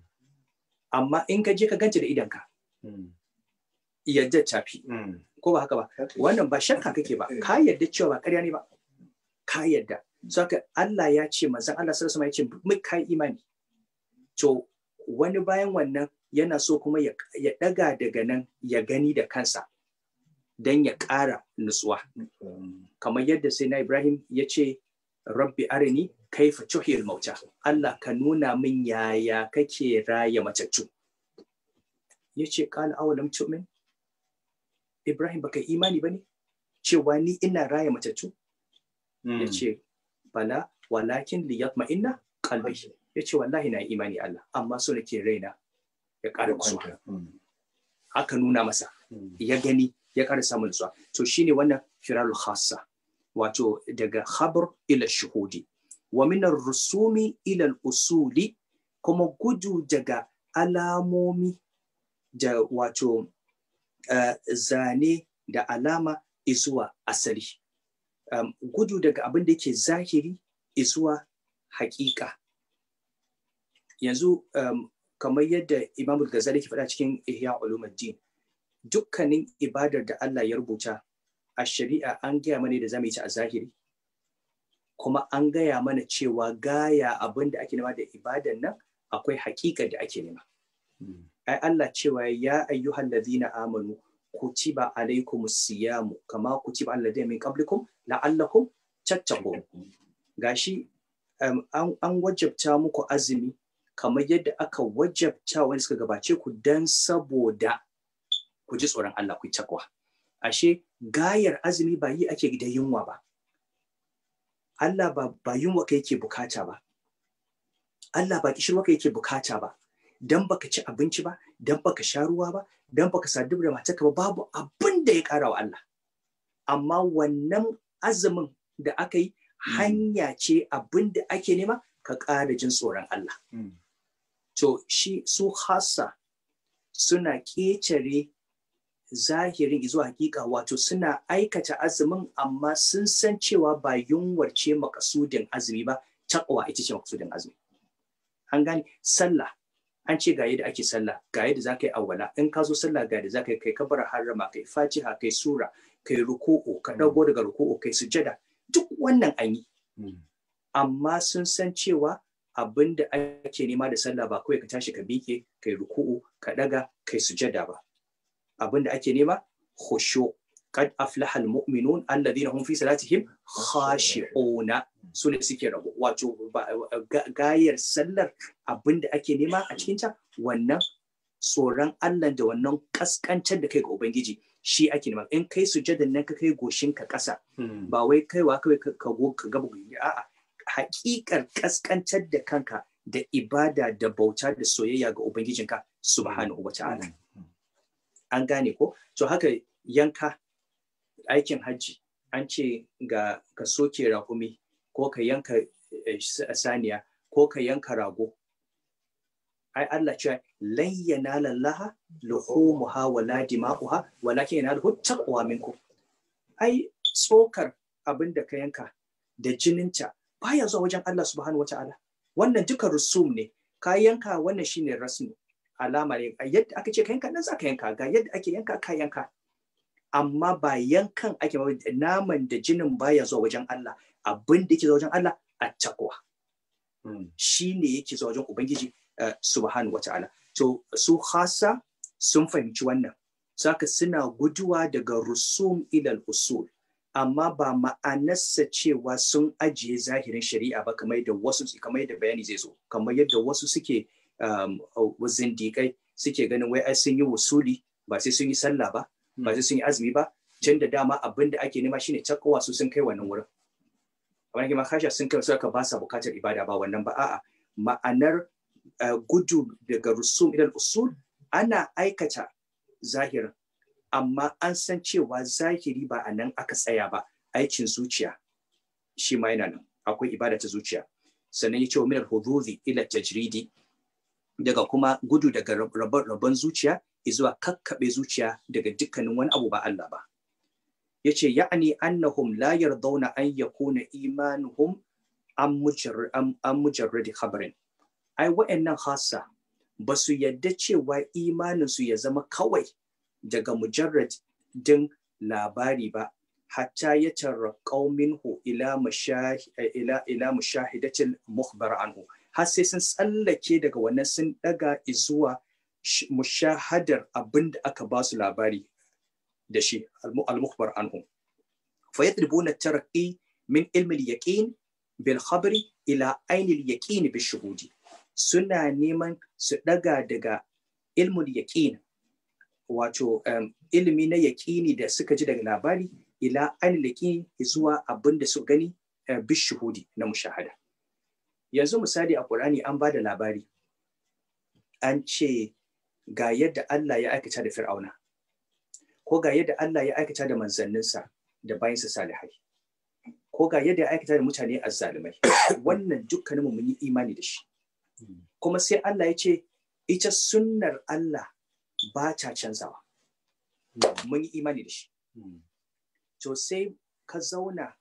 S1: amma in ka je ka ganta da idanka mm. yadda tafi mm. ko ba haka ba wannan ba shakka kake ba eh. ka yadda cewa ba ƙarya ne ba ka yadda ka Allah ya ce manzon Allah sallallahu alaihi wasallam ya ce mu kai imani to wani bayan wannan yana so kuma ya daga daga nan ya gani da kansa don ya ƙara nutsuwa kamar yadda sai na Ibrahim ya ce rabbi arini kaifa tuhil mauta Allah ka nuna min yaya kake raya matattu yace ce awalam tu'min Ibrahim baka imani bane cewa ni ina raya matattu hmm. ya ce bala walakin liyatma inna qalbi ya ce wallahi na imani Allah amma so nake raina ya ƙara kusuwa hmm. aka nuna masa hmm. ya gani ya ƙara samu nutsuwa to shine wannan firarul khassa wato daga habar ila shuhudi wa min rusumi ila usuli kuma gudu daga alamomi da wato Eh, zane da alama izuwa asali gudu daga abin da ke zahiri izuwa haƙiƙa yanzu kamar yadda imam al-ghazali ke faɗa cikin ihya ulumuddin dukkanin ibadar da Allah ya rubuta a shari'a an gaya mana da zamu yi ta a zahiri kuma an gaya mana cewa gaya abin da ake nema da ibadar nan akwai haƙiƙa da ake nema hmm. ai Allah cewa ya ayyuhal ladhina amanu kutiba alaikum siyamu kama kutiba alladhina min qablikum la'allakum tattaqun gashi um, an, an wajabta muku azumi kamar yadda aka wajabta wani suka gabace ku dan saboda ku ji tsoron Allah ku takwa ashe gayar azumi ba yi ake da yunwa ba Allah ba ba yunwa kai yake bukata ba Allah ba kishirwa kai yake bukata ba dan baka ci abinci ba dan baka sha ruwa ba dan baka sadu da matarka ba babu abin da ya karawa Allah amma wannan azumin da aka yi hmm. hanya ce abin da ake nema ka ƙara jin tsoron Allah hmm. to shi su hasa suna ƙetare zahirin zuwa hakika wato suna aikata azumin amma sun san cewa ba yunwar ce makasudin azumi ba takwa ita ce makasudin azumi an gane sallah an ce ga yadda ake sallah ga yadda za ka yi awwala in ka zo sallah ga yadda za ka yi kai kabara harrama kai fatiha kai sura kai ruku'u ka dago hmm. daga ruku'u kai sujada duk wannan an yi hmm. amma sun san cewa abin da ake nema da sallah ba kawai ka tashi ka biƙe kai ruku'u ka daga kai sujada ba abin da ake nema khushu kad aflahal mu'minun alladhina hum fi salatihim khashi'una su ne suke rabo wato gayar sallar abinda ake nema a cikin ta wannan tsoron Allah da wannan kaskancin da kai ga ubangiji shi ake nema in kai sujadan nan ka kai goshin ka kasa ba wai kaiwa kawai ka go ka a'a haƙiƙar kaskancar da kanka da ibada da bauta da soyayya ga ubangijinka subhanahu wata'ala hmm. hmm. an gane ko to haka yanka aikin hajji an ce ga ka soke rahumi ko ka yanka eh, saniya ko ka yanka rago ai Allah cewa lan yanala laha wa wala dima'uha walakin yanaluhu taqwa minkum ai tsokar abin da ka yanka da jininta baya zuwa wajen Allah subhanahu wata'ala wannan duka rusum ne ka yanka wannan shine rasmi alama ne yadda aka ce ka yanka nan za ka yanka ga yadda ake yanka ka yanka amma ba yankan ake ba naman da jinin baya zuwa wajen Allah abin da yake zuwa wajen Allah a takwa hmm. shi ne yake zuwa wajen ubangiji eh, subhanahu wataala to su hasa sun fahimci wannan saka suna guduwa daga rusum ilal usul amma ba ma'anarsa cewa sun ajiye zahirin shari'a ba kamar yadda wasu kamar yadda bayani zai zo kamar yadda wasu suke um, suke ganin wai ai sun yi wasuli ba sai sun yi sallah ba ba sai sun yi azumi ba can da dama abin da ake nema shine takawa su sun kai wannan wurin kamar ma kasha sun kai suka ba sa bukatar ibada ba wannan ba a'a ma'anar eh, gudu daga rusum ilal usul ana aikata zahirin amma an san cewa zahiri ba a nan aka tsaya ba aikin zuciya shi ma yana nan akwai ibada ta zuciya sannan ya ce wa minar hududi ila tajridi daga kuma gudu daga rabon zuciya izuwa kakkaɓe zuciya daga dukkanin wani abu ba Allah ba. Ya ce, ya'ani annahum la yardawna an yakuna imanuhum an mujarradi khabarin. Ai, wa'annan hasa ba su yadda cewa imaninsu ya zama kawai daga mujarrad din labari ba, hatta ya tarra hu ila mushahidatil mukhbar anhu. Har sai sun tsallake daga wannan sun daga izuwa mushahadar abin da aka ba su labari da shi al-mukhbar anhum fa yadribuna tarqi min ilmi al-yaqin bil khabri ila ayn al-yaqin bi shuhudi suna neman su daga daga al yaqin wato ilimi na yaqini da suka ji daga labari ila ayn al-yaqin zuwa abin da su gani eh, bi shuhudi na mushahada yanzu misali a Qur'ani an ba da labari an ce ga yadda Allah ya aikata da Fir'auna ko ga yadda Allah ya aikata da manzanninsa da bayansa salihai ko ga yadda ya aikata da mutane azzalumai wannan dukkanin mu mun yi imani da shi kuma sai Allah ya ce ita sunnar Allah ba ta canzawa mun yi imani da shi to sai ka zauna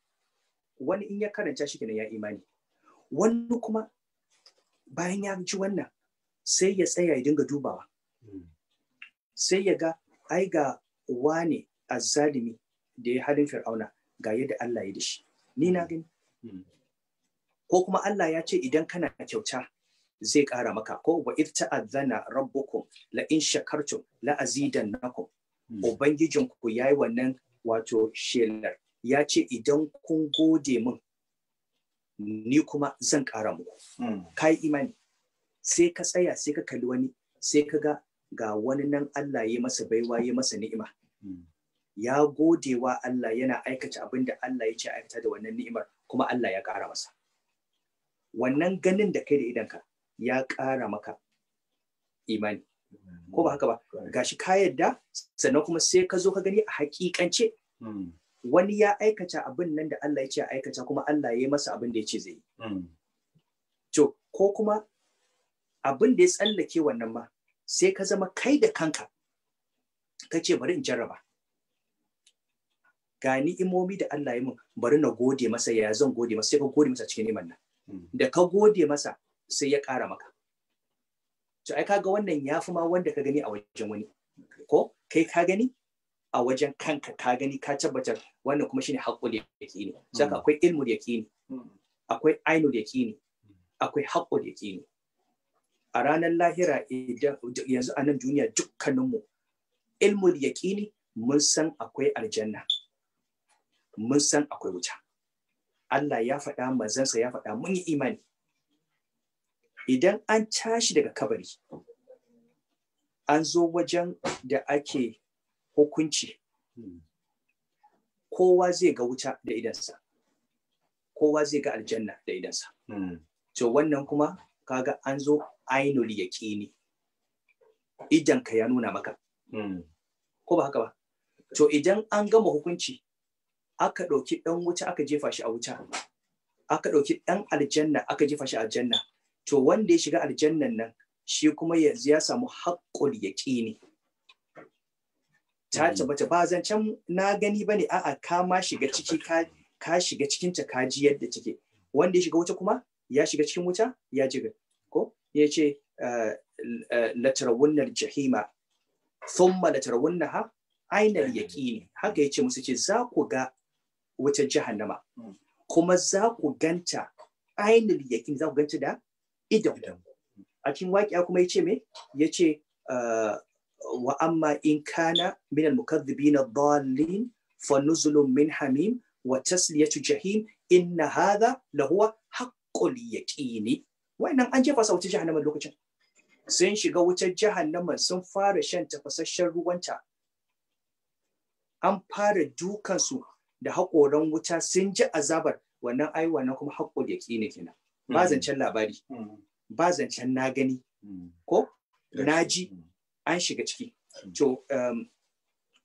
S1: wani in ya karanta shi kenan ya imani wani kuma bayan ya ji wannan sai ya tsaya ya dinga dubawa sai ya ga ai ga wane azalimi da ya halin fir'auna ga yadda Allah ya dashi ni na gani hmm. ko kuma Allah ya ce idan kana kyauta zai ƙara maka ko wa ifta azana rabbukum la in shakartum la azidannakum hmm. ubangijin ku yayi wannan wato shelar ya ce idan kun gode min ni kuma zan ƙara muku hmm. kai imani sai ka tsaya sai ka kalli wani sai ka ga ga wani nan Allah ya masa baiwa ya masa ni'ima hmm. ya gode wa Allah yana aikata abin da Allah ya ce aikata da wannan ni'imar kuma Allah ya ƙara masa wannan ganin da kai da idanka ya ƙara maka imani ko ba haka ba gashi ka yadda sannan kuma sai ka zo ka gani a hakikance hmm. wani ya aikata abin nan da Allah ya ce aikata kuma Allah ya masa abin da ya ce zai yi hmm. to ko kuma abin da ya tsallake wannan ma sai ka zama kai da kanka ka ce bari in jarraba ga ni'imomi da Allah ya mun bari na gode masa ya zan gode masa sai ka gode masa cikin neman nan hmm. da ka gode masa sai ya kara maka to ai kaga wannan yafi ma wanda ka gani a wajen wani ko kai ka gani a wajen kanka ka gani ka tabbatar wannan kuma shine haƙƙul yaqini saka hmm. akwai ilmul yaqini hmm. akwai ainul yaqini akwai haƙƙul yaqini a ranar lahira yanzu a nan duniya dukkaninmu ilmul yaƙini mun san akwai aljanna mun san akwai wuta Allah ya faɗa mazansa ya faɗa mun yi imani idan an tashi daga kabari an zo wajen da ake hukunci kowa zai ga wuta da idansa kowa zai ga aljanna da idansa hmm. to wannan kuma kaga an zo ainul yaqini idan ka ya nuna maka hmm. ko ba haka ba to idan an gama hukunci aka ɗauki ɗan wuta aka jefa shi a wuta aka ɗauki ɗan aljanna aka jefa shi a aljanna to wanda ya shiga aljannan nan shi kuma yanzu ya samu haƙƙul yaƙini ta hmm. tabbata ba zancen na gani bane a'a ka ma shiga ciki ka shiga cikin ta ka ji yadda take wanda ya shiga wuta kuma ya shiga cikin wuta ya jiga ko ya ce eh, eh, latarawunnar jahima thumma latarawunnaha ainal ne haka yace musu ce za ku ga wutar jahannama hmm. kuma za ku ganta ainal yaƙin za ku ganta da idan a cikin waƙiya kuma yace me yace eh, wa amma in kana minan al na dalilin fa nuzulun min hamim wa tasliyatu jahim inna hadha lahuwa haqqul yaqini wayannan an jefa sa jahannama lokacin sun shiga wutar jahannama sun fara shan tafasasshen ruwanta an fara dukan su da haƙoran wuta sun ji azabar wannan ai wannan kuma haƙƙul yaqini kenan ba hmm. zancen labari hmm. ba zancen na gani hmm. ko na ji an shiga ciki to um,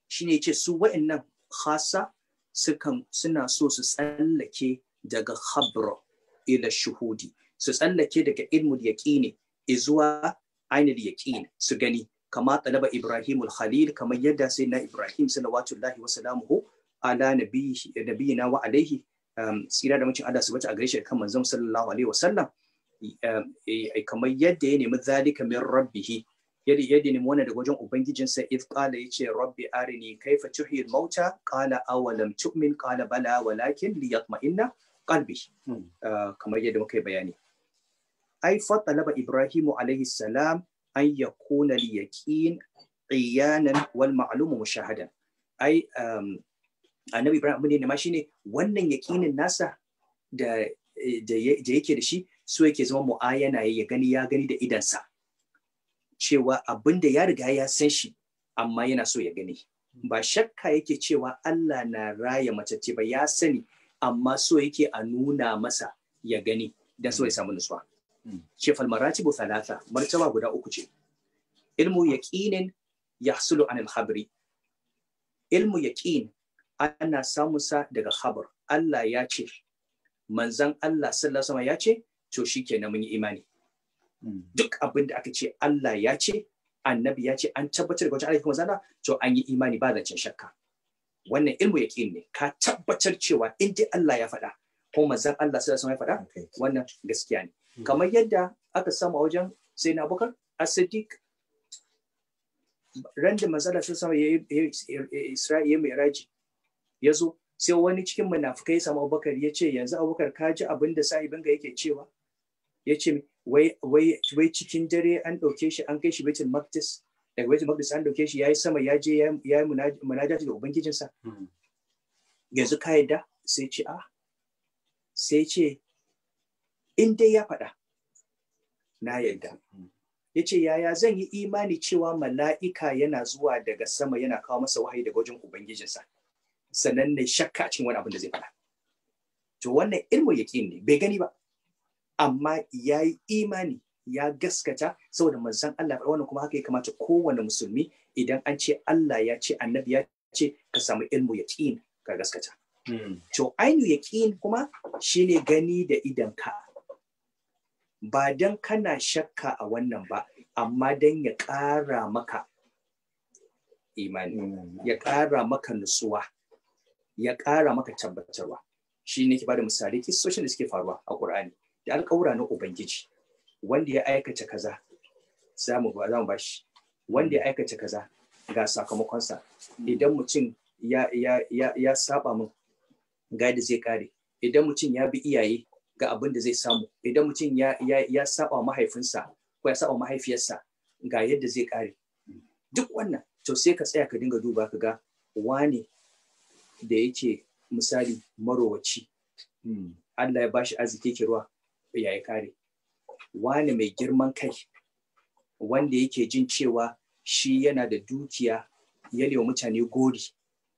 S1: shine yace su wa'annan khasa sukan suna so su tsallake daga khabra ila shuhudi su tsallake daga ilmul yaqini izuwa ainul yaqin su gani kama talaba ibrahimul khalil kamar yadda sai na ibrahim salawatullahi wa salamuhu ala nabiyina wa alaihi um, tsira da macin Allah su bace a gare kan manzon sallallahu alaihi wa sallam um, e, e, kamar yadda ya nemi zalika min rabbihi yadda ya nemi wannan daga wajen ubangijinsa if qala yace rabbi arini kaifa tuhyi al-mauta qala awalam tu'min qala bala walakin liyatma'inna kalbi hmm. ah, kamar yadda muka yi bayani ai talaba ibrahimu alaihi salam an yakuna li yaqin iyanan wal ma'lumu mushahadan ai annabi ibrahim ne ma shine wannan yaqinin nasa da da yake da shi so yake zama mu'ayana ya gani ya gani da idansa cewa abinda ya riga ya san shi amma yana so ya gani ba shakka yake cewa Allah na raya mace ce ba ya sani amma so yake a nuna masa ya gani dan so ya mm. samu nutsuwa mm. shefal maratibu thalatha martaba guda uku ce ilmu ya yahsulu anil khabri ilmu yaƙin ana samun sa daga habar Allah ya ce manzan Allah sallallahu alaihi ya ce to ke na yi imani mm. duk abin da aka ce Allah ya ce annabi ya ce an tabbatar da wajen alaihi kuma zana to an yi imani ba da can shakka wannan ilmu yaqin ne ka tabbatar cewa in dai Allah ya faɗa ko manzon Allah sai alaihi ya faɗa wannan gaskiya ne hmm. kamar yadda aka samu wajen sai na bukar asidik Randa mazala da manzon Allah ya yi mai raji ya zo sai wani cikin munafukai sama abubakar ya ce yanzu abubakar ka ji abin da sa'ibin yake cewa ya ce wai cikin dare an ɗauke shi an kai shi baitul maqdis daga baitul maqdis an dauke shi yayi sama ya je ya yi munajati da ubangijinsa hmm. yanzu ka yadda sai ce a ah. sai ce in dai ya faɗa na yadda hmm. ya ce yaya zan yi imani cewa mala'ika yana zuwa daga sama yana kawo masa wahayi daga wajen ubangijinsa sannan ne shakka cikin wani abin da zai faɗa to wannan ilmu yaƙin ne bai gani ba amma ya yi imani ya gaskata saboda manzon Allah wannan kuma haka ya kamata kowane musulmi idan an ce Allah ya ce annabi ya ce ka samu ilmu ya yaqin ka gaskata hmm. to ainu yaƙin kuma shine gani da idan ka ba dan kana shakka a wannan ba amma dan ya ƙara maka imani hmm. ya ƙara maka nutsuwa ya ƙara maka tabbatarwa shi ne ke bada misali kisoshin da suke faruwa a Qur'ani da alƙawura na Ubangiji wanda ya aikata kaza za mu ba mu bashi wanda ya aikata kaza ga sakamakonsa idan mutum ya ya ya ya saba min ga da zai kare idan mutum ya bi iyaye ga abin da zai samu idan mutum ya ya ya saba mahaifinsa ko ya saba mahaifiyarsa ga yadda zai kare duk wannan to sai ka tsaya ka dinga duba ka ga wani da yake misali marowaci hmm. Allah ya bashi arziki kirwa ya yi kare wani mai girman kai wanda yake jin cewa shi yana da dukiya ya wa mutane gori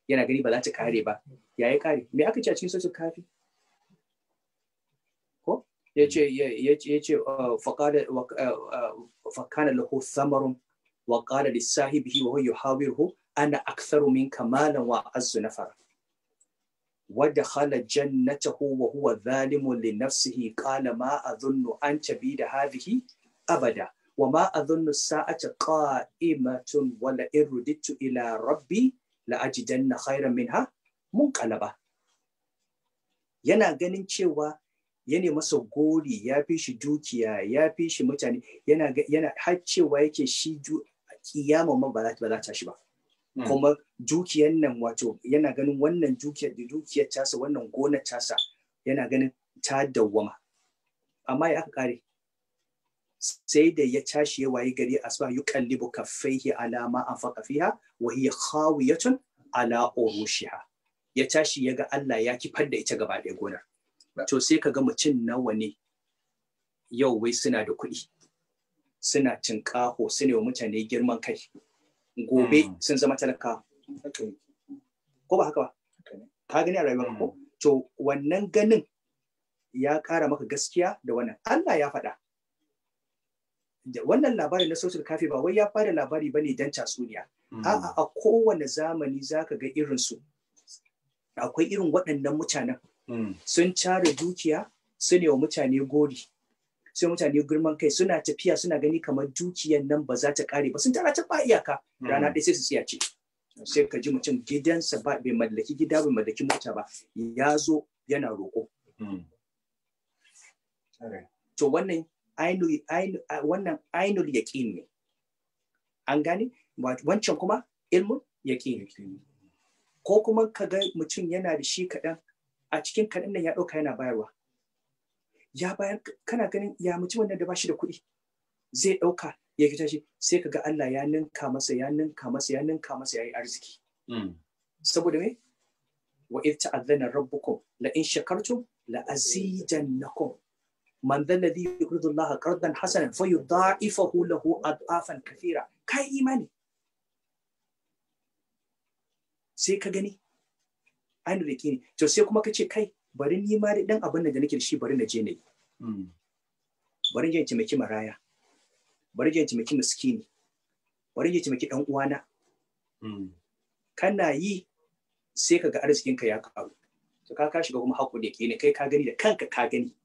S1: yana gani ba za ta kare ba ya yi kare me aka ce a cikin sassu kafi ko ya ce ya ce ah, fakana ah, ah, lahu samarun wa qala li sahibihi wa ana aktharu kamalan malan wa azzu nafara ودخل جنته وهو ظالم لنفسه قال ما أظن أن تبيد هذه أبدا وما أظن الساعة قائمة ولئن رددت إلى ربي لأجدن خيرا منها منقلبا yana ganin cewa ya nemi masa gori ya fi shi dukiya ya fi shi mutane yana har cewa yake shi kiyama ma ba za ta shi ba Mm. kuma dukiyar nan wato yana ganin wannan dukiyar da dukiyar casa wannan gonar tasa. yana ganin ta dawwama amma ya aka kare sai da ya tashi ya wayi gari asba yuqallibu kaffaihi ala ma anfaqa fiha wa hiya khawiyatun ala urushiha ya tashi ya ga Allah ya kifar da ita gaba ɗaya gonar to sai ka ga mutum nawa ne yau wai suna da kuɗi suna cinkaho suna wa mutane girman kai gobe hmm. sun zama talaka ko ba haka ba ka gani a rayuwar ko hmm. to wannan ganin ya kara maka gaskiya da wannan Allah ya faɗa wannan labarin na social kafi ba wai ya fara labari ne dan don hmm. a'a a kowane zamani za ka ga irin akwai irin waɗannan mutanen sun care dukiya su ne wa mutane gori sai mutane girman kai suna tafiya suna gani kamar dukiyan nan ba za ta kare ba sun tara ta ba iyaka hmm. rana ɗaya sai su tsiya ce sai ka ji mutum gidansa ba bai mallaki gida bai mallaki mota ba ya zo yana roƙo hmm. to wannan wannan ainul yaƙin ne an gane wancan kuma ilmun yaƙin ko kuma ka ga mutum yana da shi kaɗan a cikin kaɗan nan ya ɗauka yana bayarwa ya bayar kana ganin ya mace wannan da bashi da kuɗi zai ɗauka ya fita shi sai ka ga Allah ya ninka masa ya ninka masa ya ninka masa ya arziki. Hmm. Saboda me? Wa idh ta'adhana rabbukum la in shakartum la azidannakum man ladhi yuqridu Allah qardan hasanan fayudha'ifahu lahu ad'afan kathira kai imani sai ka gani ainihin da ne to sai kuma ka ce kai bari ni ma dan abin da nake da shi bari na je na yi hmm. bari je taimaki maraya bari je taimaki miskini bari je taimaki dan uwana hmm. kana yi sai kaga arzikinka ya karu to ka ka shiga kuma hakuri da ne kai ka gani da kanka ka gani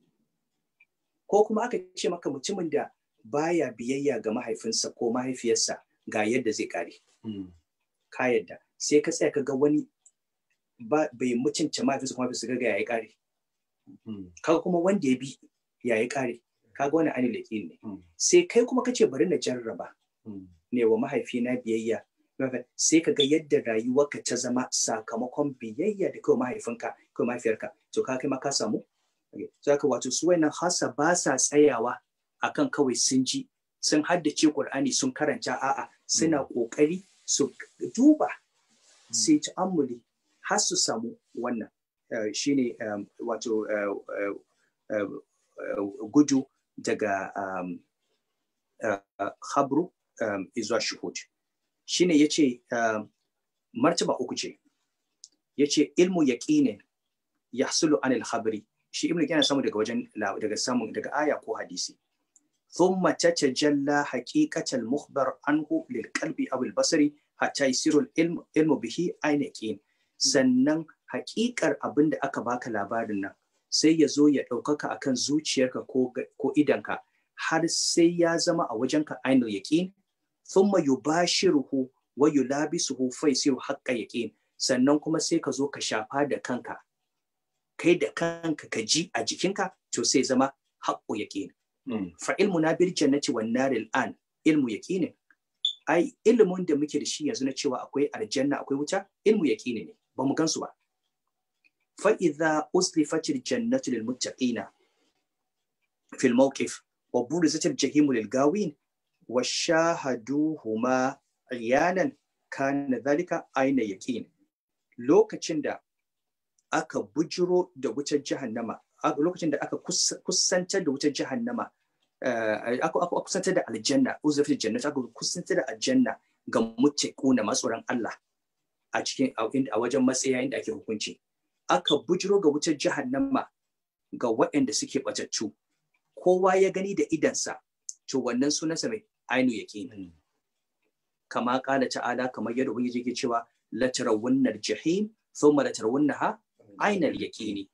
S1: ko kuma aka ce maka mutumin da baya biyayya ga mahaifinsa ko mahaifiyarsa ga yadda zai kare hmm. ka yadda sai ka tsaya ka ga wani bai mutunta mahaifinsa kuma bisa ga yayi kare hmm. kaga kuma wanda ya bi yayi kare kaga wani ani laƙi ne hmm. sai kai kuma kace bari na jarraba hmm. ne wa mahaifina biyayya sai ka ga yadda rayuwarka ta zama sakamakon biyayya da wa mahaifinka wa mahaifiyarka to ka kai ma ka samu ka wato su wayannan hasa ba sa tsayawa akan kawai sun ji sun haddace Qur'ani sun karanta a'a suna kokari su duba sai amuli. har su samu wannan eh, shine eh, wato eh, gudu daga um, habru um, izuwa shuhud shine ya ce um, martaba uku ce ya ce ilmu yaƙinin ya hasulu anil habri shi ibn yana samu daga wajen daga samun daga aya ko hadisi thumma tatajalla haqiqatal mukhbar anhu lil qalbi aw al basari hatta yasiru al ilmu bihi ayn yaqin sannan haƙiƙar abin da aka baka labarin nan sai ya zo ya ɗaukaka a kan zuciyarka ko idanka har sai ya zama a wajenka ainul yaƙin shi ruhu wa hufai sai haƙa yaƙin sannan kuma sai ka zo ka shafa da kanka kai da kanka ka ji a jikinka to sai zama haƙo yaƙin hmm. fa ilmu na bil jannati wan naril an ilmu yaƙinin ai ilimin da muke da shi yanzu na cewa akwai aljanna akwai wuta ilmu yaƙini ne ba mu gansu ba fa idza usrifatil jannatu lil muttaqina fil mawqif wa burizatil jahimu lil gawin wa shahaduhuma iyanan kana dhalika aina yaqin lokacin da aka bujiro da wutar jahannama lokacin da aka kusantar da wutar jahannama eh, aka kusantar da aljanna uzurfin jannati aka kusantar da aljanna ga mutaquna masu tsoron Allah a cikin a wajen matsaya inda ake hukunci aka bujiro ga wutar jahannama ga waɗanda suke ɓatattu kowa ya gani da idansa to wannan sunansa mai ainu yake hmm. kama kala ta'ala kamar yadda wani yake cewa la tarawunnar jahim thumma la tarawunnaha ainal yaqini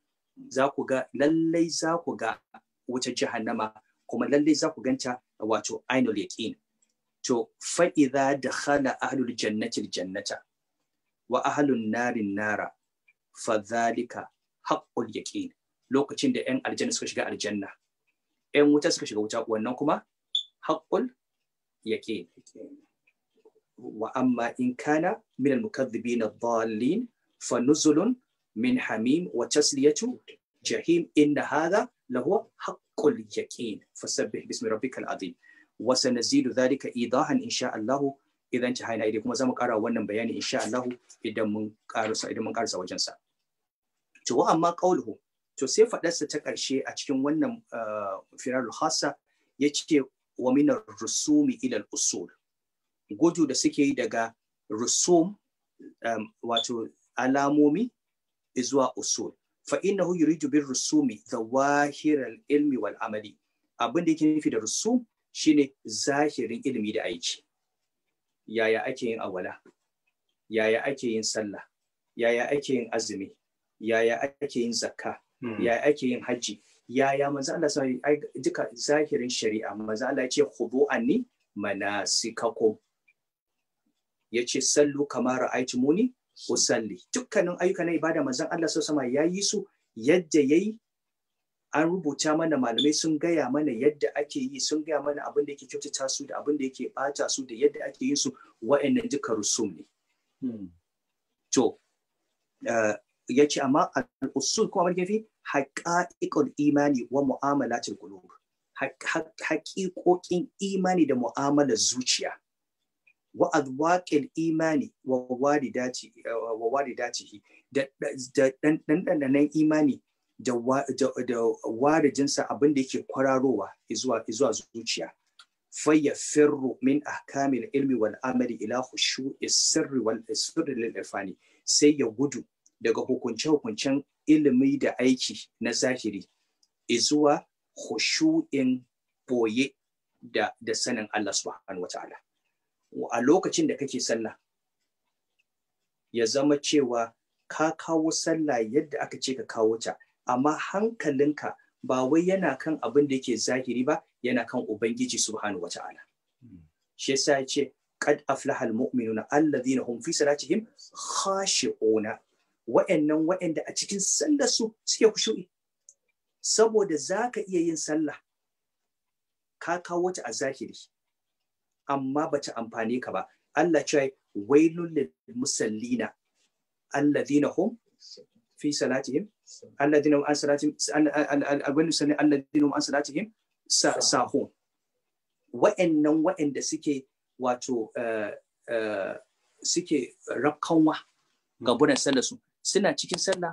S1: za ku ga lallai za ku ga wutar jahannama kuma lallai za ku ganta wato ainul yaqin to fa idza dakhala ahlul jannati jannata wa ahlun narin nara fa zalika haqqul yaqin lokacin da yan aljanna suka shiga aljanna yan wuta suka shiga wuta wannan kuma haqqul yaqin wa amma in kana min al-mukaththibin ad-dallin fa nuzulun min hamim wa tasliyatu jahim inna hadha lahu haqqul yaqin fasabbih bismi rabbikal azim wa sanazidu dhalika idahan insha Allahu. idan ta haina idai kuma za mu ƙara wannan bayani insha Allah idan mun karasa idan mun ƙarasa wajen sa to wa amma qauluhu to sai faɗarsa ta karshe a cikin wannan eh, firarul ya yace wa min rusumi ila al-usul gudu da suke yi daga rusum wato alamomi zuwa usul fa innahu yuridu bir rusumi al ilmi wal amali abin da yake nufi da rusum shine zahirin ilimi da aiki yaya ake yin awala yaya ake yin sallah yaya ake yin azumi yaya ake yin zakka hmm. yaya ake yin hajji yaya manzo Allah sai duka zahirin shari'a maza Allah ya ce khudu anni manasikakum yace sallu kama ra'aytumuni usalli dukkanin ayyuka ibada mazan Allah sai sama yayi su yadda yayi an rubuta mana malamai sun gaya mana yadda ake yi sun gaya mana abin da yake kyautata su da abin da yake bata su da yadda ake yin su wa'annan duka rusum ne to ya ce amma usul kuma barkefi haƙa'iƙon imani wa mu'amalatul qulub haƙiƙoƙin imani da mu'amalar zuciya wa adwaqil imani wa walidati wa walidatihi da ɗanɗanan imani da ware jinsa abin da yake kwararowa zuwa zuciya fayya firru min ahkamil ilmi wal amali ila hushu sirri wal sirri lil sai ya gudu daga hukunce hukuncen ilimi da aiki na zahiri izuwa, hushu'in boye da sanin Allah subhanahu wataala a lokacin da kake sallah ya zama cewa ka kawo sallah yadda aka ce ka kawo ta amma hankalinka ba wai yana kan abin da yake zahiri ba yana kan ubangiji subhanahu wata'ala hmm. shi yasa ya ce qad aflaha almu'minuna alladhina hum fi salatihim khashi'una wa'annan wa'anda a cikin sallar su suke kushu'i saboda zaka iya yin sallah ka kawo ta a zahiri amma bata amfane ka ba Allah ce wailul lil musallina alladhina hum fi salatihim alladhina an salatihim abin sani alladhina an salatihim sahun wa'annan wa'anda suke wato eh, eh, suke rakkanwa ga hmm. bunan sallar su suna cikin sallah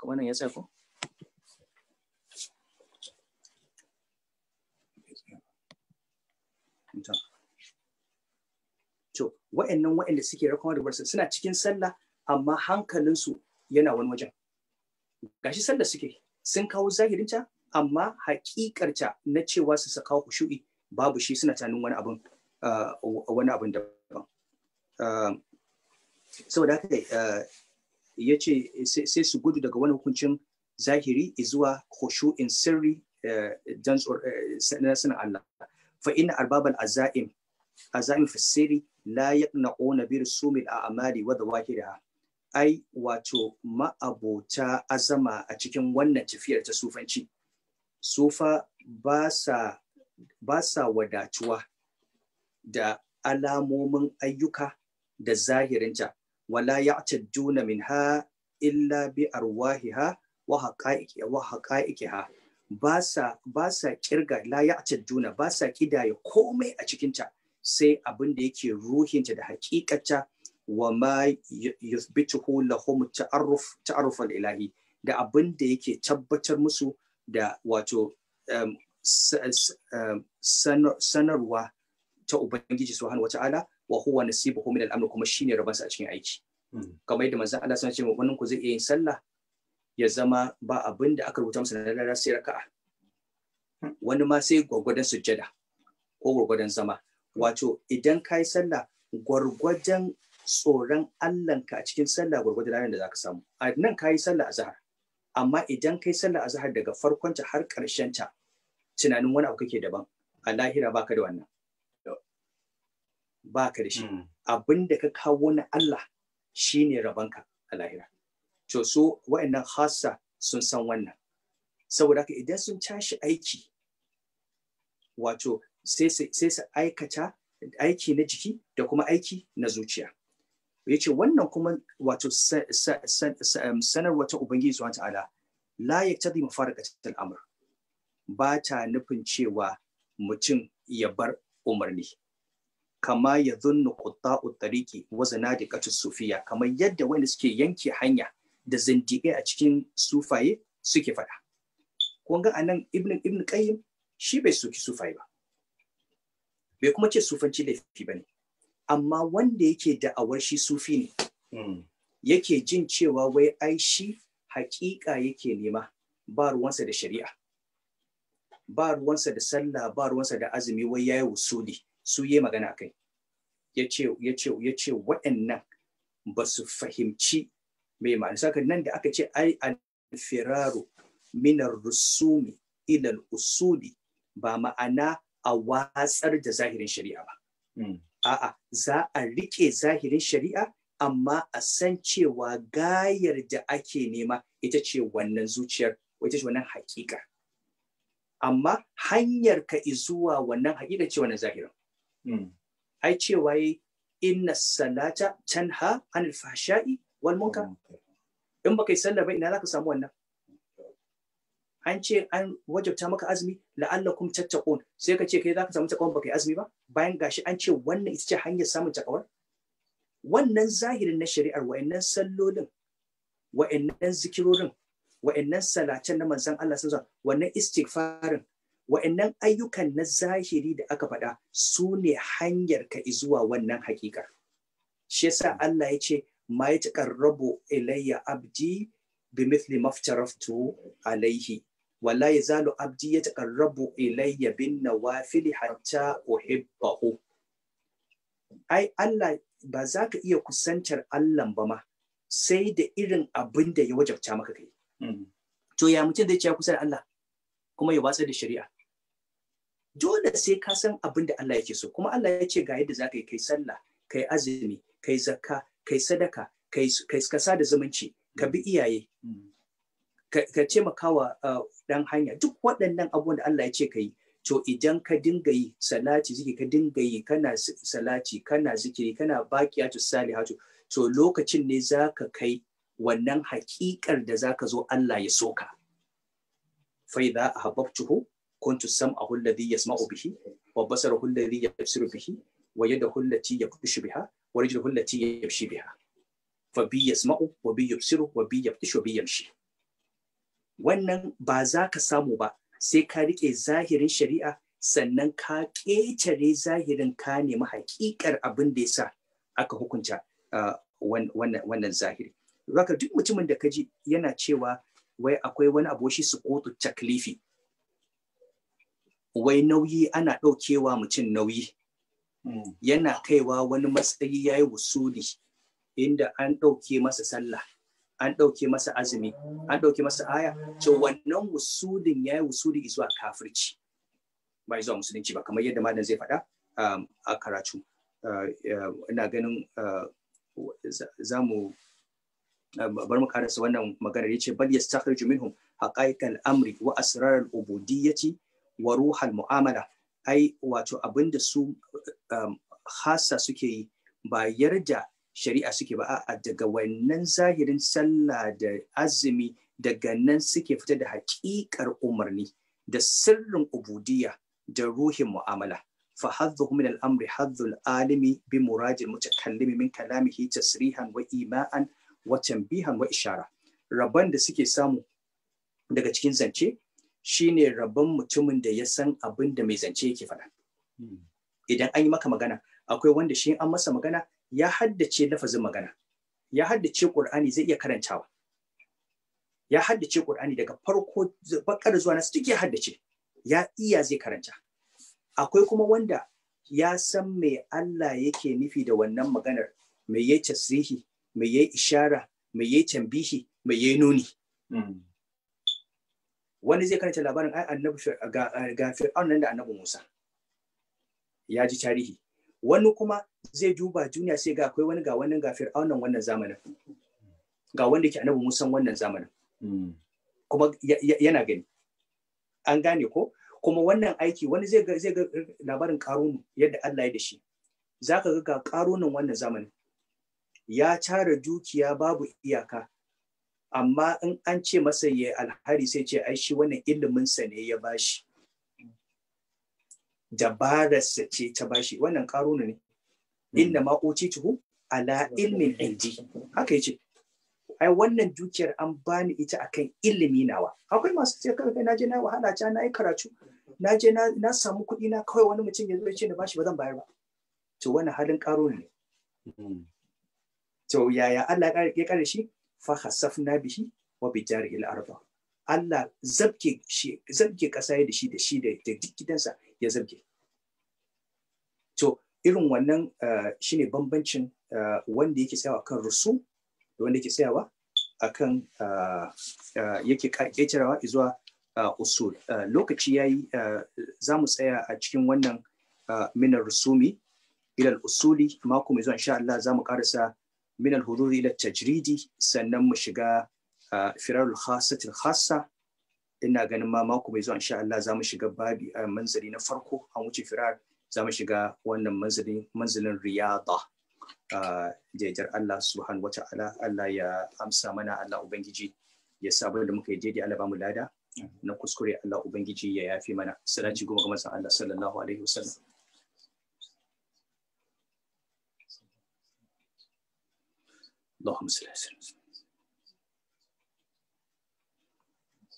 S1: kamar nan ya tsaya ko To, wa'annan wa'anda suke rakon da suna cikin sallah amma hankalinsu yana wani wajen gashi sanda suke sun kawo zahirinta amma ta na cewa su saka kushu'i babu shi suna tanin wani abin ah, wani abin daban ah, saboda haka ah, ya ce sai su gudu daga wani hukuncin zahiri zuwa kushu'in sirri eh, dan eh, sanin Allah fa inna arbabal azaim azaim fi sirri la yaqna'una bi rusumil a'mali wa dhawahiriha ai wato ma'abota azama a cikin wannan tafiyar ta sufanci sufa ba sa wadatuwa da alamomin ayyuka da zahirinta wala min minha illa bi arwahiha wa haqa'iqiha wa haqa'iqiha ba sa ba sa kirga la tadduna ba sa kidaya komai a cikinta sai abin da yake ruhinta da hakikata wa ma لهم lahum تعرف ta'arruf ilahi da abin da yake tabbatar musu da wato sanarwa ta ubangiji subhanahu wata'ala wa huwa nasibuhu min al-amr kuma shine rabansa a cikin aiki kamar yadda manzan Allah sun ce wannan ku zai iya yin sallah ya zama ba abin da aka rubuta musu na rarra sai raka'a wani ma sai gwargwadon sujjada ko gwargwadon zama wato idan kai sallah gwargwadon tsoron Allahnka a cikin sallah gwargwadon ranar da ka samu a nan ka yi sallah azhar amma idan kai sallah azhar daga farkonta har karshen ta tunanin wani abu kake daban a lahira baka da wannan Ba ka da shi hmm. abin da ka kawo na Allah shine rabonka a lahira to so wa'annan hassa sun san wannan saboda haka idan sun tashi aiki wato sai su aikata aiki na jiki da kuma aiki na zuciya ya ce wannan kuma wato um, sanar ta ubangiji zuwa ta'ala la fara ƙasar amr ba ta nufin cewa mutum ya bar umarni kama ya zunnu qutta'u wazana da katu sufiya kamar yadda wanda suke yanke hanya da zindiƙe a cikin sufaye suke faɗa kun ga anan ibn ibn qayyim shi bai soki sufaye ba bai kuma ce sufanci laifi ne. amma wanda yake da'awar shi sufi ne hmm. yake jin cewa wai ai shi haƙiƙa yake nema ba ruwansa da shari'a ba ruwansa da sallah ba ruwansa da azumi wai yayi usuli su yi magana kai yace yace yace waɗannan ba su fahimci mai ma'ana saka nan da aka ce ai al-firaru min rusumi ila al-usuli ba ma'ana a watsar da zahirin shari'a ba hmm. a'a za a rike zahirin shari'a amma a san cewa gayar da ake nema ita ce wannan zuciyar ita ce wannan hakika amma hanyar ka zuwa wannan hakika ce wannan zahirin hmm. ai cewa yi inna salata tanha anil fahsha'i wal munkar in baka yi sallah ba ina zaka samu wannan an ce an wajabta maka azumi la'allakum tattaqun sai ka ce kai zaka samu takawar baka yi azumi ba bayan gashi an ce wannan ita ce hanyar samun takawar wannan zahirin na shari'ar wa'annan sallolin wa'annan zikirorin wa'annan salatan na manzon Allah sun wannan istighfarin wa'annan ayyukan na zahiri da aka faɗa su ne hanyar ka zuwa wannan hakika shi yasa Allah ya ce ma yataqarrabu ilayya abdi mithli maftaraftu alaihi wala yazalu abdi yataqarrabu ilayya bin nawafil hatta uhibbahu ai Allah ba za ka iya kusantar Allah ba ma sai da irin abin da ya wajabta maka kai hmm. to ya mutum zai ce kusa da Allah kuma ya watsar da shari'a dole sai ka san abin da Allah yake so kuma Allah ya ce ga yadda za ka yi kai sallah kai azumi kai zakka kai sadaka kai ka sada zumunci ka hmm. bi iyaye hmm. ka taimakawa dan uh, hanya duk waɗannan abubuwan da Allah ya ce ka yi to idan ka dinga yi salati zikiri ka dinga yi kana salati kana zikiri kana baqiyatu salihatu to lokacin ne zaka kai wannan haƙiƙar da zaka zo Allah ya soka fa idza ahabbtuhu kuntu sam'ahu alladhi yasma'u bihi wa basarahu alladhi yabsiru bihi wa yadahu allati yabtishu biha wa rijluhu allati yamshi biha fa bi yasma'u wa bi yabsiru wa bi yabtishu bi yamshi wannan ba za ka samu ba sai ka rike zahirin shari'a sannan ka ƙetare zahirin ka nemi haƙiƙar abin da ya sa aka hukunta wannan zahiri. Zaka duk mutumin da ka ji yana cewa wai akwai wani abu shi kotu taklifi. Wai nauyi ana ɗaukewa mutum nauyi. Hmm. Yana kaiwa wani matsayi ya yi wusuli inda an ɗauke masa sallah. an ɗauke masa azumi an ɗauke masa aya to wannan wusudin ya yi wusudi zuwa kafirci ba zuwa musulunci ba kamar yadda malam zai faɗa um, a karatu uh, ina ganin uh, za mu uh, bar mu karasa wannan maganar yace bal yastakhriju minhum haqaiqal amri wa asrar al ubudiyyati wa al mu'amala ai wato abinda su um, hasa suke yi ba yarda shari'a suke ba a daga wannan zahirin sallah da azumi daga nan suke fita da haƙiƙar umarni da sirrin ubudiyya da ruhin mu'amala fa hadhuhu min al-amri hadhu al-alimi bi muradi al-mutakallimi min kalamihi tasrihan wa ima'an wa tanbihan wa ishara rabban da suke samu daga cikin zance shine rabban mutumin da ya san abin da mai zance yake faɗa hmm. idan an yi maka magana akwai wanda shi an masa magana ya haddace lafazin magana ya haddace Qur'ani zai iya karantawa ya haddace Qur'ani daga farko bakar zuwa na suke ya haddace ya iya zai karanta akwai kuma wanda ya san me Allah yake nufi da wannan maganar me yayi tasrihi me yayi ishara me yayi tambihi me yayi nuni hmm. wani zai karanta labarin ai annabi ga fir'aun nan da annabi Musa ya ji tarihi wani kuma zai duba duniya sai ga akwai wani ga wannan ga fir'aunan wannan zamanin ga wanda ke annabi musan wannan zamanin hmm. kuma yana gani an gane ko kuma wannan aiki wani zai ga zai ga labarin karunu yadda Allah ya da shi zaka ga ga karunan wannan zamanin ya tara dukiya babu iyaka amma in an ce masa ya alhari sai ce ai shi wannan iliminsa ne ya bashi dabararsa ce ta bashi wannan karuna ne Mm. inda makoci tuhu ala ilmin indi haka yace ai wannan dukiyar an bani ita akan ilimi nawa akwai masu ce kai na je na wahala ta nayi yi karatu na na samu kuɗi na kawai wani mutum ya zo ya ce da bashi ba zan bayar ba to wani halin karo ne mm. to yaya Allah ya kare shi fa hasafna bihi wa bi jari'il arba. Allah zabke shi zabke kasa da shi da shi da duk gidansa ya zabke to irin wannan eh, shine bambancin eh, wanda yake tsayawa kan rusu da wanda yake tsayawa akan eh, yake ƙetarewa zuwa usul lokaci yayi za mu tsaya a cikin wannan minar rusumi ilal usuli mako mai zuwa insha Allah za mu ƙarasa minal huduri ila tajridi sannan mu shiga firarul khasatil khassa ina ganin ma mako mai zuwa insha Allah za mu shiga babi a manzari na farko an wuce firar za mu shiga wannan manzilin manzilin riyada jaijar ah, Allah subhanahu wa ta'ala Allah ya amsa mana Allah ubangiji ya sabar da muka yi daidai Allah ba mu lada na kuskure Allah ubangiji ya yafi mana salati goma ga manzon Allah sallallahu alaihi wasallam اللهم صل على سيدنا